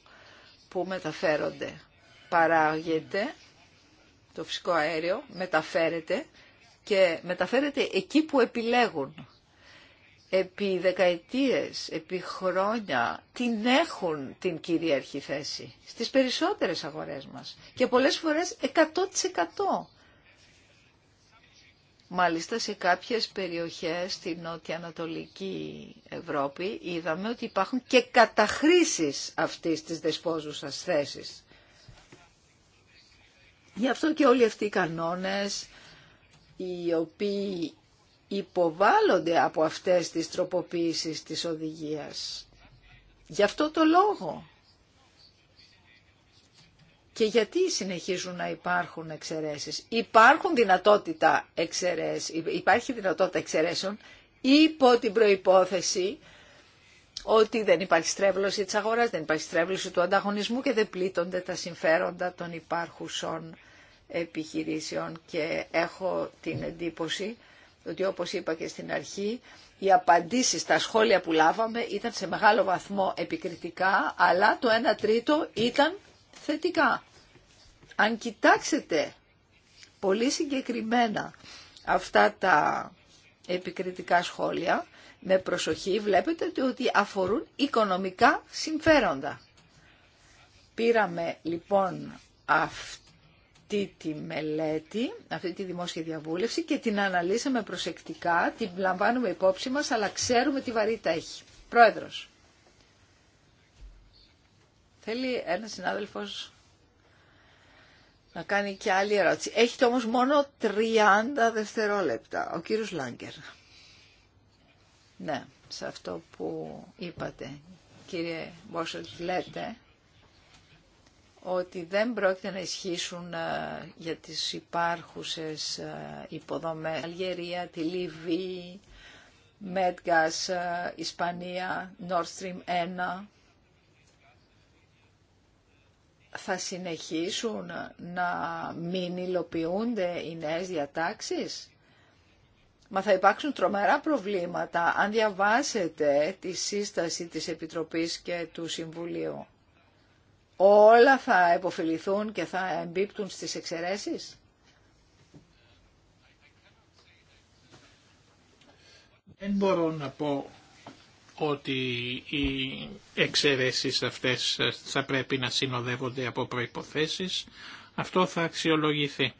που μεταφέρονται. Παράγεται το φυσικό αέριο, μεταφέρεται και μεταφέρεται εκεί που επιλέγουν επί δεκαετίες, επί χρόνια την έχουν την κυρίαρχη θέση στις περισσότερες αγορές μας και πολλές φορές 100%. Μάλιστα σε κάποιες περιοχές στη νότια-ανατολική Ευρώπη είδαμε ότι υπάρχουν και καταχρήσεις αυτής της δεσπόζουσας θέσης. Γι' αυτό και όλοι αυτοί οι κανόνες οι οποίοι υποβάλλονται από αυτές τις τροποποίησεις της οδηγίας. Γι' αυτό το λόγο. Και γιατί συνεχίζουν να υπάρχουν εξαιρέσεις. Υπάρχουν δυνατότητα εξαιρέσεις, υπάρχει δυνατότητα εξαιρέσεων υπό την προϋπόθεση ότι δεν υπάρχει στρέβλωση της αγοράς, δεν υπάρχει στρέβλωση του ανταγωνισμού και δεν πλήττονται τα συμφέροντα των υπάρχουσων επιχειρήσεων και έχω την εντύπωση ότι όπως είπα και στην αρχή, οι απαντήσεις στα σχόλια που λάβαμε ήταν σε μεγάλο βαθμό επικριτικά, αλλά το 1 τρίτο ήταν θετικά. Αν κοιτάξετε πολύ συγκεκριμένα αυτά τα επικριτικά σχόλια, με προσοχή βλέπετε ότι αφορούν οικονομικά συμφέροντα. Πήραμε λοιπόν αυτό αυτή τη μελέτη, αυτή τη δημόσια διαβούλευση και την αναλύσαμε προσεκτικά, την λαμβάνουμε υπόψη μας, αλλά ξέρουμε τι βαρύτητα έχει. Πρόεδρος. Θέλει ένα συνάδελφος να κάνει και άλλη ερώτηση. Έχετε όμως μόνο 30 δευτερόλεπτα. Ο κύριος Λάγκερ. Ναι, σε αυτό που είπατε, κύριε Μπόσελτ, λέτε ότι δεν πρόκειται να ισχύσουν ε, για τις υπάρχουσες ε, υποδομές. Αλγερία, τη Λιβύη, Μέτγκας, ε, Ισπανία, Nord Stream 1 θα συνεχίσουν να μην υλοποιούνται οι νέες διατάξεις. Μα θα υπάρξουν τρομερά προβλήματα αν διαβάσετε τη σύσταση της Επιτροπής και του Συμβουλίου όλα θα επωφεληθούν και θα εμπίπτουν στις εξαιρέσεις. Δεν μπορώ να πω ότι οι εξαιρέσεις αυτές θα πρέπει να συνοδεύονται από προϋποθέσεις. Αυτό θα αξιολογηθεί.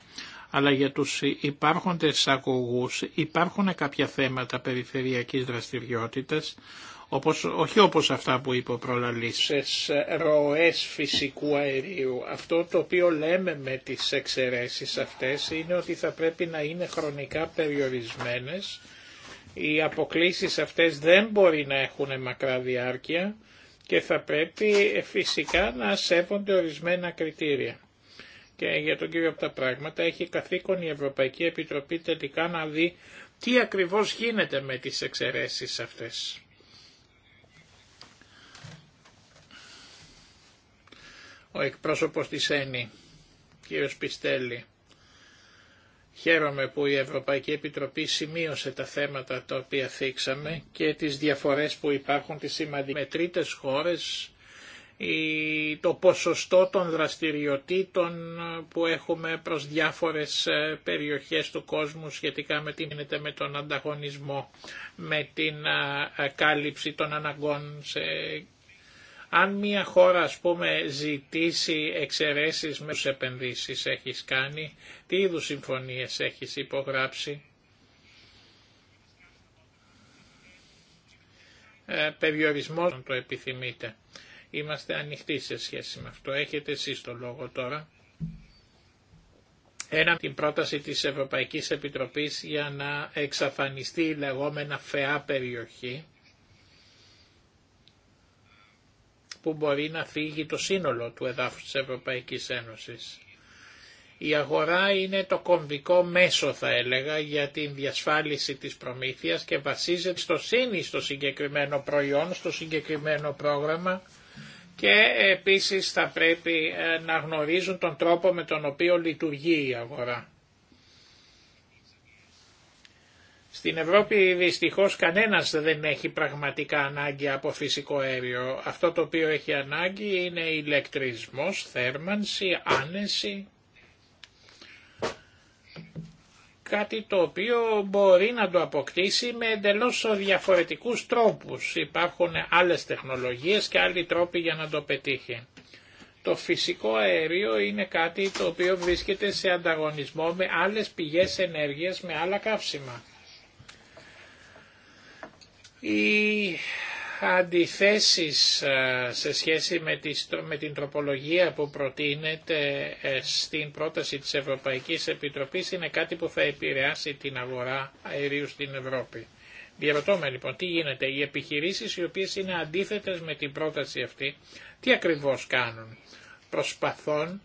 Αλλά για τους υπάρχοντες αγωγούς υπάρχουν κάποια θέματα περιφερειακής δραστηριότητας όπως, όχι όπως αυτά που είπε ο Σε ροές φυσικού αερίου. Αυτό το οποίο λέμε με τις εξαιρέσεις αυτές είναι ότι θα πρέπει να είναι χρονικά περιορισμένες. Οι αποκλήσεις αυτές δεν μπορεί να έχουν μακρά διάρκεια και θα πρέπει ε, φυσικά να σέβονται ορισμένα κριτήρια. Και για τον κύριο από τα πράγματα έχει καθήκον η Ευρωπαϊκή Επιτροπή τελικά να δει τι ακριβώς γίνεται με τις εξαιρέσεις αυτές. Ο εκπρόσωπος της ΕΝΗ, κύριος Πιστέλη. Χαίρομαι που η Ευρωπαϊκή Επιτροπή σημείωσε τα θέματα τα οποία θίξαμε και τις διαφορές που υπάρχουν τις σημαντικές με τρίτες χώρες, το ποσοστό των δραστηριοτήτων που έχουμε προς διάφορες ε, περιοχές του κόσμου σχετικά με, την, με τον ανταγωνισμό, με την ε, ε, κάλυψη των αναγκών σε αν μια χώρα ας πούμε ζητήσει εξαιρέσεις με τους επενδύσεις έχεις κάνει, τι είδους συμφωνίες έχεις υπογράψει, ε, περιορισμό το επιθυμείτε. Είμαστε ανοιχτοί σε σχέση με αυτό. Έχετε εσείς το λόγο τώρα. Ένα την πρόταση της Ευρωπαϊκής Επιτροπής για να εξαφανιστεί η λεγόμενα φεά περιοχή που μπορεί να φύγει το σύνολο του εδάφους της Ευρωπαϊκής Ένωσης. Η αγορά είναι το κομβικό μέσο θα έλεγα για την διασφάλιση της προμήθειας και βασίζεται στο σύνη στο συγκεκριμένο προϊόν, στο συγκεκριμένο πρόγραμμα και επίσης θα πρέπει ε, να γνωρίζουν τον τρόπο με τον οποίο λειτουργεί η αγορά. Στην Ευρώπη δυστυχώς κανένας δεν έχει πραγματικά ανάγκη από φυσικό αέριο. Αυτό το οποίο έχει ανάγκη είναι ηλεκτρισμός, θέρμανση, άνεση. Κάτι το οποίο μπορεί να το αποκτήσει με εντελώς διαφορετικούς τρόπους. Υπάρχουν άλλες τεχνολογίες και άλλοι τρόποι για να το πετύχει. Το φυσικό αέριο είναι κάτι το οποίο βρίσκεται σε ανταγωνισμό με άλλες πηγές ενέργειας, με άλλα καύσιμα. Οι αντιθέσεις ε, σε σχέση με την τροπολογία που προτείνεται ε, στην πρόταση της Ευρωπαϊκής Επιτροπής είναι κάτι που θα επηρεάσει την αγορά αερίου στην Ευρώπη. Διαρωτώ με λοιπόν τι γίνεται. Οι επιχειρήσεις οι οποίες είναι αντίθετες με την πρόταση αυτή, τι ακριβώς κάνουν. Προσπαθούν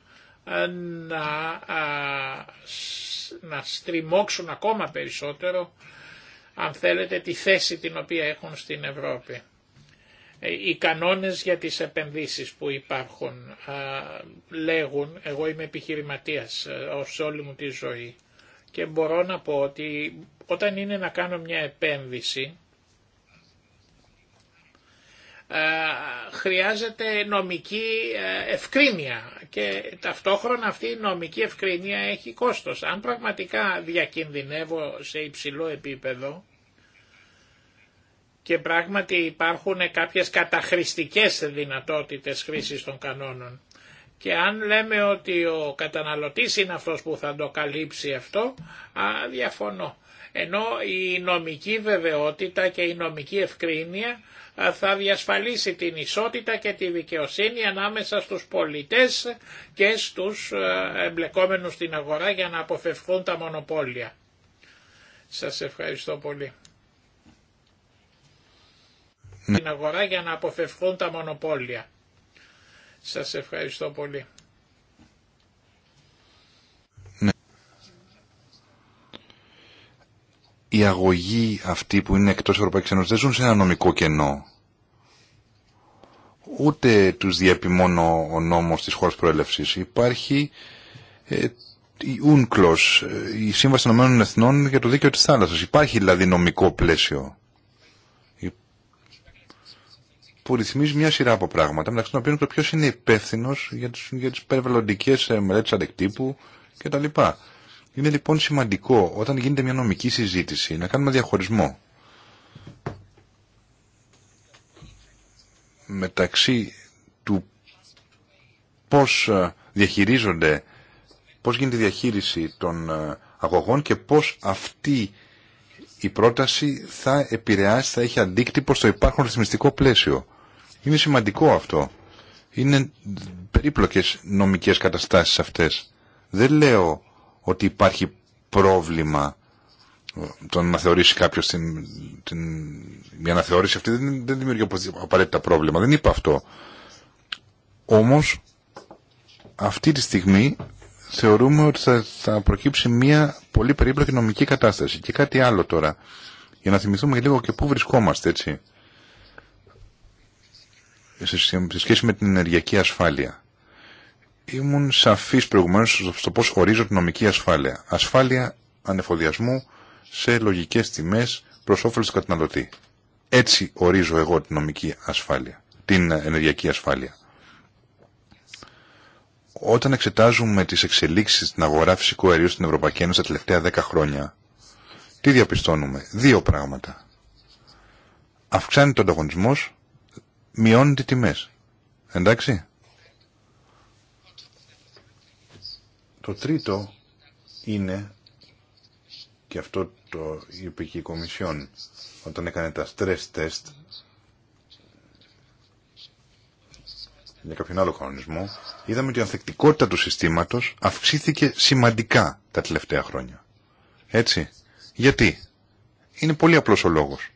ε, να, να στριμώξουν ακόμα περισσότερο αν θέλετε, τη θέση την οποία έχουν στην Ευρώπη. Ε, οι κανόνες για τις επενδύσεις που υπάρχουν λέγουν, εγώ είμαι επιχειρηματίας ε, ως όλη μου τη ζωή και μπορώ να πω ότι όταν είναι να κάνω μια επένδυση ε, χρειάζεται νομική ευκρίνεια και ταυτόχρονα αυτή η νομική ευκρινία έχει κόστος. Αν πραγματικά διακινδυνεύω σε υψηλό επίπεδο και πράγματι υπάρχουν κάποιες καταχρηστικές δυνατότητες χρήσης των κανόνων και αν λέμε ότι ο καταναλωτής είναι αυτός που θα το καλύψει αυτό, α, διαφωνώ ενώ η νομική βεβαιότητα και η νομική ευκρίνεια θα διασφαλίσει την ισότητα και τη δικαιοσύνη ανάμεσα στους πολιτές και στους εμπλεκόμενους στην αγορά για να αποφευχούν τα μονοπόλια. Σας ευχαριστώ πολύ. Στην αγορά για να αποφευχθούν τα μονοπόλια. Σας ευχαριστώ πολύ. Ναι. οι αγωγοί αυτοί που είναι εκτός Ευρωπαϊκής Ένωσης δεν ζουν σε ένα νομικό κενό. Ούτε τους διέπει μόνο ο νόμος της χώρας προέλευσης. Υπάρχει ε, η UNCLOS, ε, η Σύμβαση των Ηνωμένων Εθνών για το Δίκαιο της Θάλασσας. Υπάρχει δηλαδή νομικό πλαίσιο που ρυθμίζει μια σειρά από πράγματα, μεταξύ των οποίων το ποιο είναι υπεύθυνο για, τις, για τις περιβαλλοντικές ε, μελέτες αντεκτύπου κτλ. Είναι λοιπόν σημαντικό όταν γίνεται μια νομική συζήτηση να κάνουμε διαχωρισμό μεταξύ του πώς ε, διαχειρίζονται, πώς γίνεται η διαχείριση των ε, αγωγών και πώς αυτή η πρόταση θα επηρεάσει, θα έχει αντίκτυπο στο υπάρχον ρυθμιστικό πλαίσιο. Είναι σημαντικό αυτό. Είναι περίπλοκες νομικές καταστάσεις αυτές. Δεν λέω ότι υπάρχει πρόβλημα ε, το να θεωρήσει κάποιο την, την, η αναθεώρηση αυτή δεν, δεν δημιουργεί απαραίτητα πρόβλημα. Δεν είπα αυτό. Όμως αυτή τη στιγμή θεωρούμε ότι θα, θα προκύψει μια πολύ περίπλοκη νομική κατάσταση. Και κάτι άλλο τώρα. Για να θυμηθούμε λίγο και πού βρισκόμαστε έτσι. Σε σχέση με την ενεργειακή ασφάλεια. Ήμουν σαφή προηγουμένω στο πώ ορίζω την νομική ασφάλεια. Ασφάλεια ανεφοδιασμού σε λογικέ τιμέ προ όφελο του καταναλωτή. Έτσι ορίζω εγώ την νομική ασφάλεια, την ενεργειακή ασφάλεια. Όταν εξετάζουμε τι εξελίξει στην αγορά φυσικού αερίου στην Ευρωπαϊκή Ένωση τα τελευταία 10 χρόνια, τι διαπιστώνουμε. Δύο πράγματα. Αυξάνεται ο ανταγωνισμό, μειώνεται οι τιμές. Εντάξει. Το τρίτο είναι, και αυτό το είπε και η Κομισιόν όταν έκανε τα stress test για κάποιον άλλο κανονισμό, είδαμε ότι η ανθεκτικότητα του συστήματος αυξήθηκε σημαντικά τα τελευταία χρόνια. Έτσι. Γιατί. Είναι πολύ απλός ο λόγος.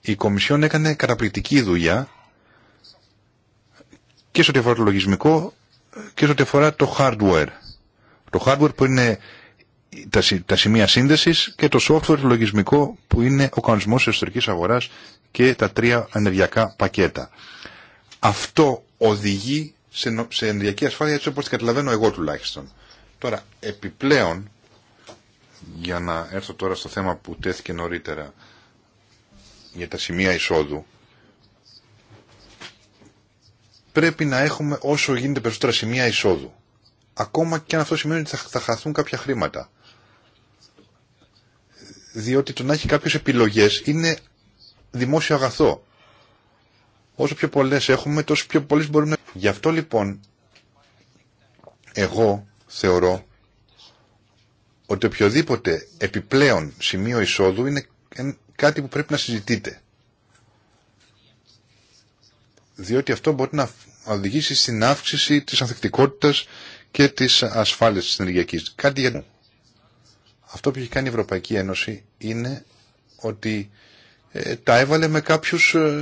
Η Κομισιόν έκανε καταπληκτική δουλειά και σε ό,τι αφορά το λογισμικό και σε ό,τι αφορά το hardware. Το hardware που είναι τα, τα σημεία σύνδεσης και το software λογισμικό που είναι ο κανονισμός τη εσωτερικής αγοράς και τα τρία ενεργειακά πακέτα. Αυτό οδηγεί σε, σε ενεργειακή ασφάλεια έτσι όπως την καταλαβαίνω εγώ τουλάχιστον. Τώρα, επιπλέον, για να έρθω τώρα στο θέμα που τέθηκε νωρίτερα για τα σημεία εισόδου, πρέπει να έχουμε όσο γίνεται περισσότερα σημεία εισόδου ακόμα και αν αυτό σημαίνει ότι θα χαθούν κάποια χρήματα. Διότι το να έχει κάποιες επιλογές είναι δημόσιο αγαθό. Όσο πιο πολλές έχουμε, τόσο πιο πολλές μπορούμε να... Γι' αυτό λοιπόν, εγώ θεωρώ ότι οποιοδήποτε επιπλέον σημείο εισόδου είναι κάτι που πρέπει να συζητείτε. Διότι αυτό μπορεί να οδηγήσει στην αύξηση της ανθεκτικότητας και τη ασφάλεια τη ενεργειακή. Κάτι για... Αυτό που έχει κάνει η Ευρωπαϊκή Ένωση είναι ότι ε, τα έβαλε με κάποιου ε,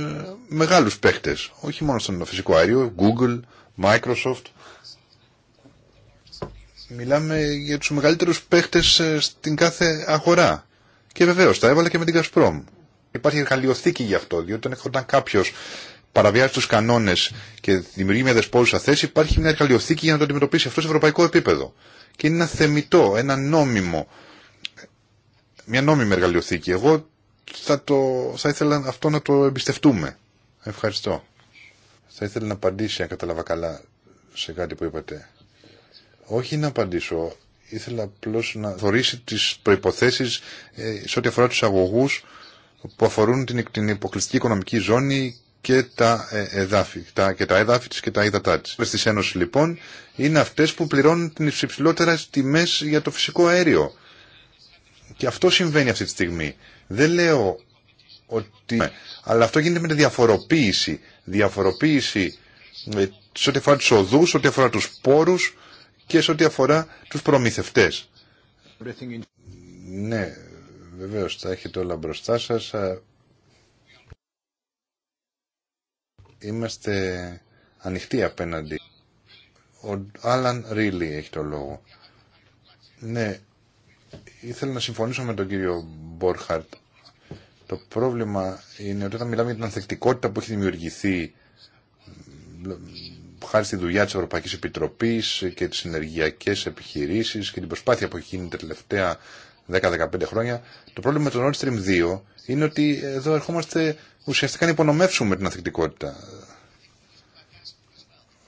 μεγάλους παίχτες. Όχι μόνο στον φυσικό αέριο, Google, Microsoft. Μιλάμε για τους μεγαλύτερους παίχτες ε, στην κάθε αγορά. Και βεβαίω τα έβαλε και με την Gazprom. Υπάρχει εργαλειοθήκη γι' αυτό, διότι όταν κάποιο παραβιάζει του κανόνε και δημιουργεί μια δεσπόζουσα θέση, υπάρχει μια εργαλειοθήκη για να το αντιμετωπίσει αυτό σε ευρωπαϊκό επίπεδο. Και είναι ένα θεμητό, ένα νόμιμο, μια νόμιμη εργαλειοθήκη. Εγώ θα, το, θα ήθελα αυτό να το εμπιστευτούμε. Ευχαριστώ. Θα ήθελα να απαντήσει, αν κατάλαβα καλά, σε κάτι που είπατε. Όχι να απαντήσω. Ήθελα απλώ να θορήσει τι προποθέσει ε, σε ό,τι αφορά του αγωγού που αφορούν την, την υποκλειστική οικονομική ζώνη και τα ε, εδάφη, τα, και τα εδάφη της και τα ύδατά της. Στις Ένωση λοιπόν είναι αυτές που πληρώνουν τις υψηλότερες τιμές για το φυσικό αέριο. Και αυτό συμβαίνει αυτή τη στιγμή. Δεν λέω ότι... Αλλά αυτό γίνεται με τη διαφοροποίηση. Διαφοροποίηση ε, σε ό,τι αφορά τους οδούς, σε ό,τι αφορά τους πόρους και σε ό,τι αφορά τους προμηθευτές. Ναι, βεβαίως τα έχετε όλα μπροστά σας. είμαστε ανοιχτοί απέναντι. Ο Άλαν Ρίλι έχει το λόγο. Ναι, ήθελα να συμφωνήσω με τον κύριο Μπόρχαρτ. Το πρόβλημα είναι ότι όταν μιλάμε για την ανθεκτικότητα που έχει δημιουργηθεί χάρη στη δουλειά της Ευρωπαϊκής Επιτροπής και τις ενεργειακές επιχειρήσεις και την προσπάθεια που έχει γίνει τα τελευταία 10-15 χρόνια, το πρόβλημα με τον Nord Stream 2 είναι ότι εδώ ερχόμαστε ουσιαστικά να υπονομεύσουμε την αθλητικότητα.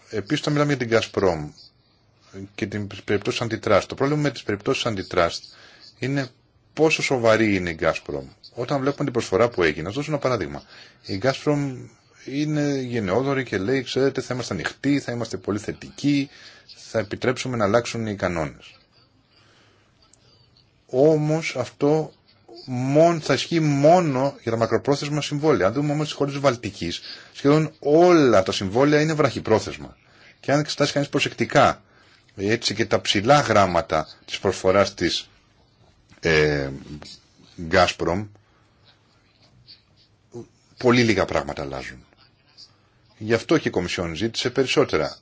Επίσης, όταν μιλάμε για την Gazprom και την περιπτώσει αντιτράστ, το πρόβλημα με τις περιπτώσεις αντιτράστ είναι πόσο σοβαρή είναι η Gazprom. Όταν βλέπουμε την προσφορά που έγινε, να δώσω ένα παράδειγμα. Η Gazprom είναι γενναιόδορη και λέει, ξέρετε, θα είμαστε ανοιχτοί, θα είμαστε πολύ θετικοί, θα επιτρέψουμε να αλλάξουν οι κανόνες. Όμως αυτό μόνο, θα ισχύει μόνο για τα μακροπρόθεσμα συμβόλαια. Αν δούμε όμως χώρε τη Βαλτική σχεδόν όλα τα συμβόλαια είναι βραχυπρόθεσμα. Και αν εξετάσει κανεί προσεκτικά, έτσι και τα ψηλά γράμματα της προσφορά της ε, Gazprom, πολύ λίγα πράγματα αλλάζουν. Γι' αυτό και η Κομισιόν ζήτησε περισσότερα.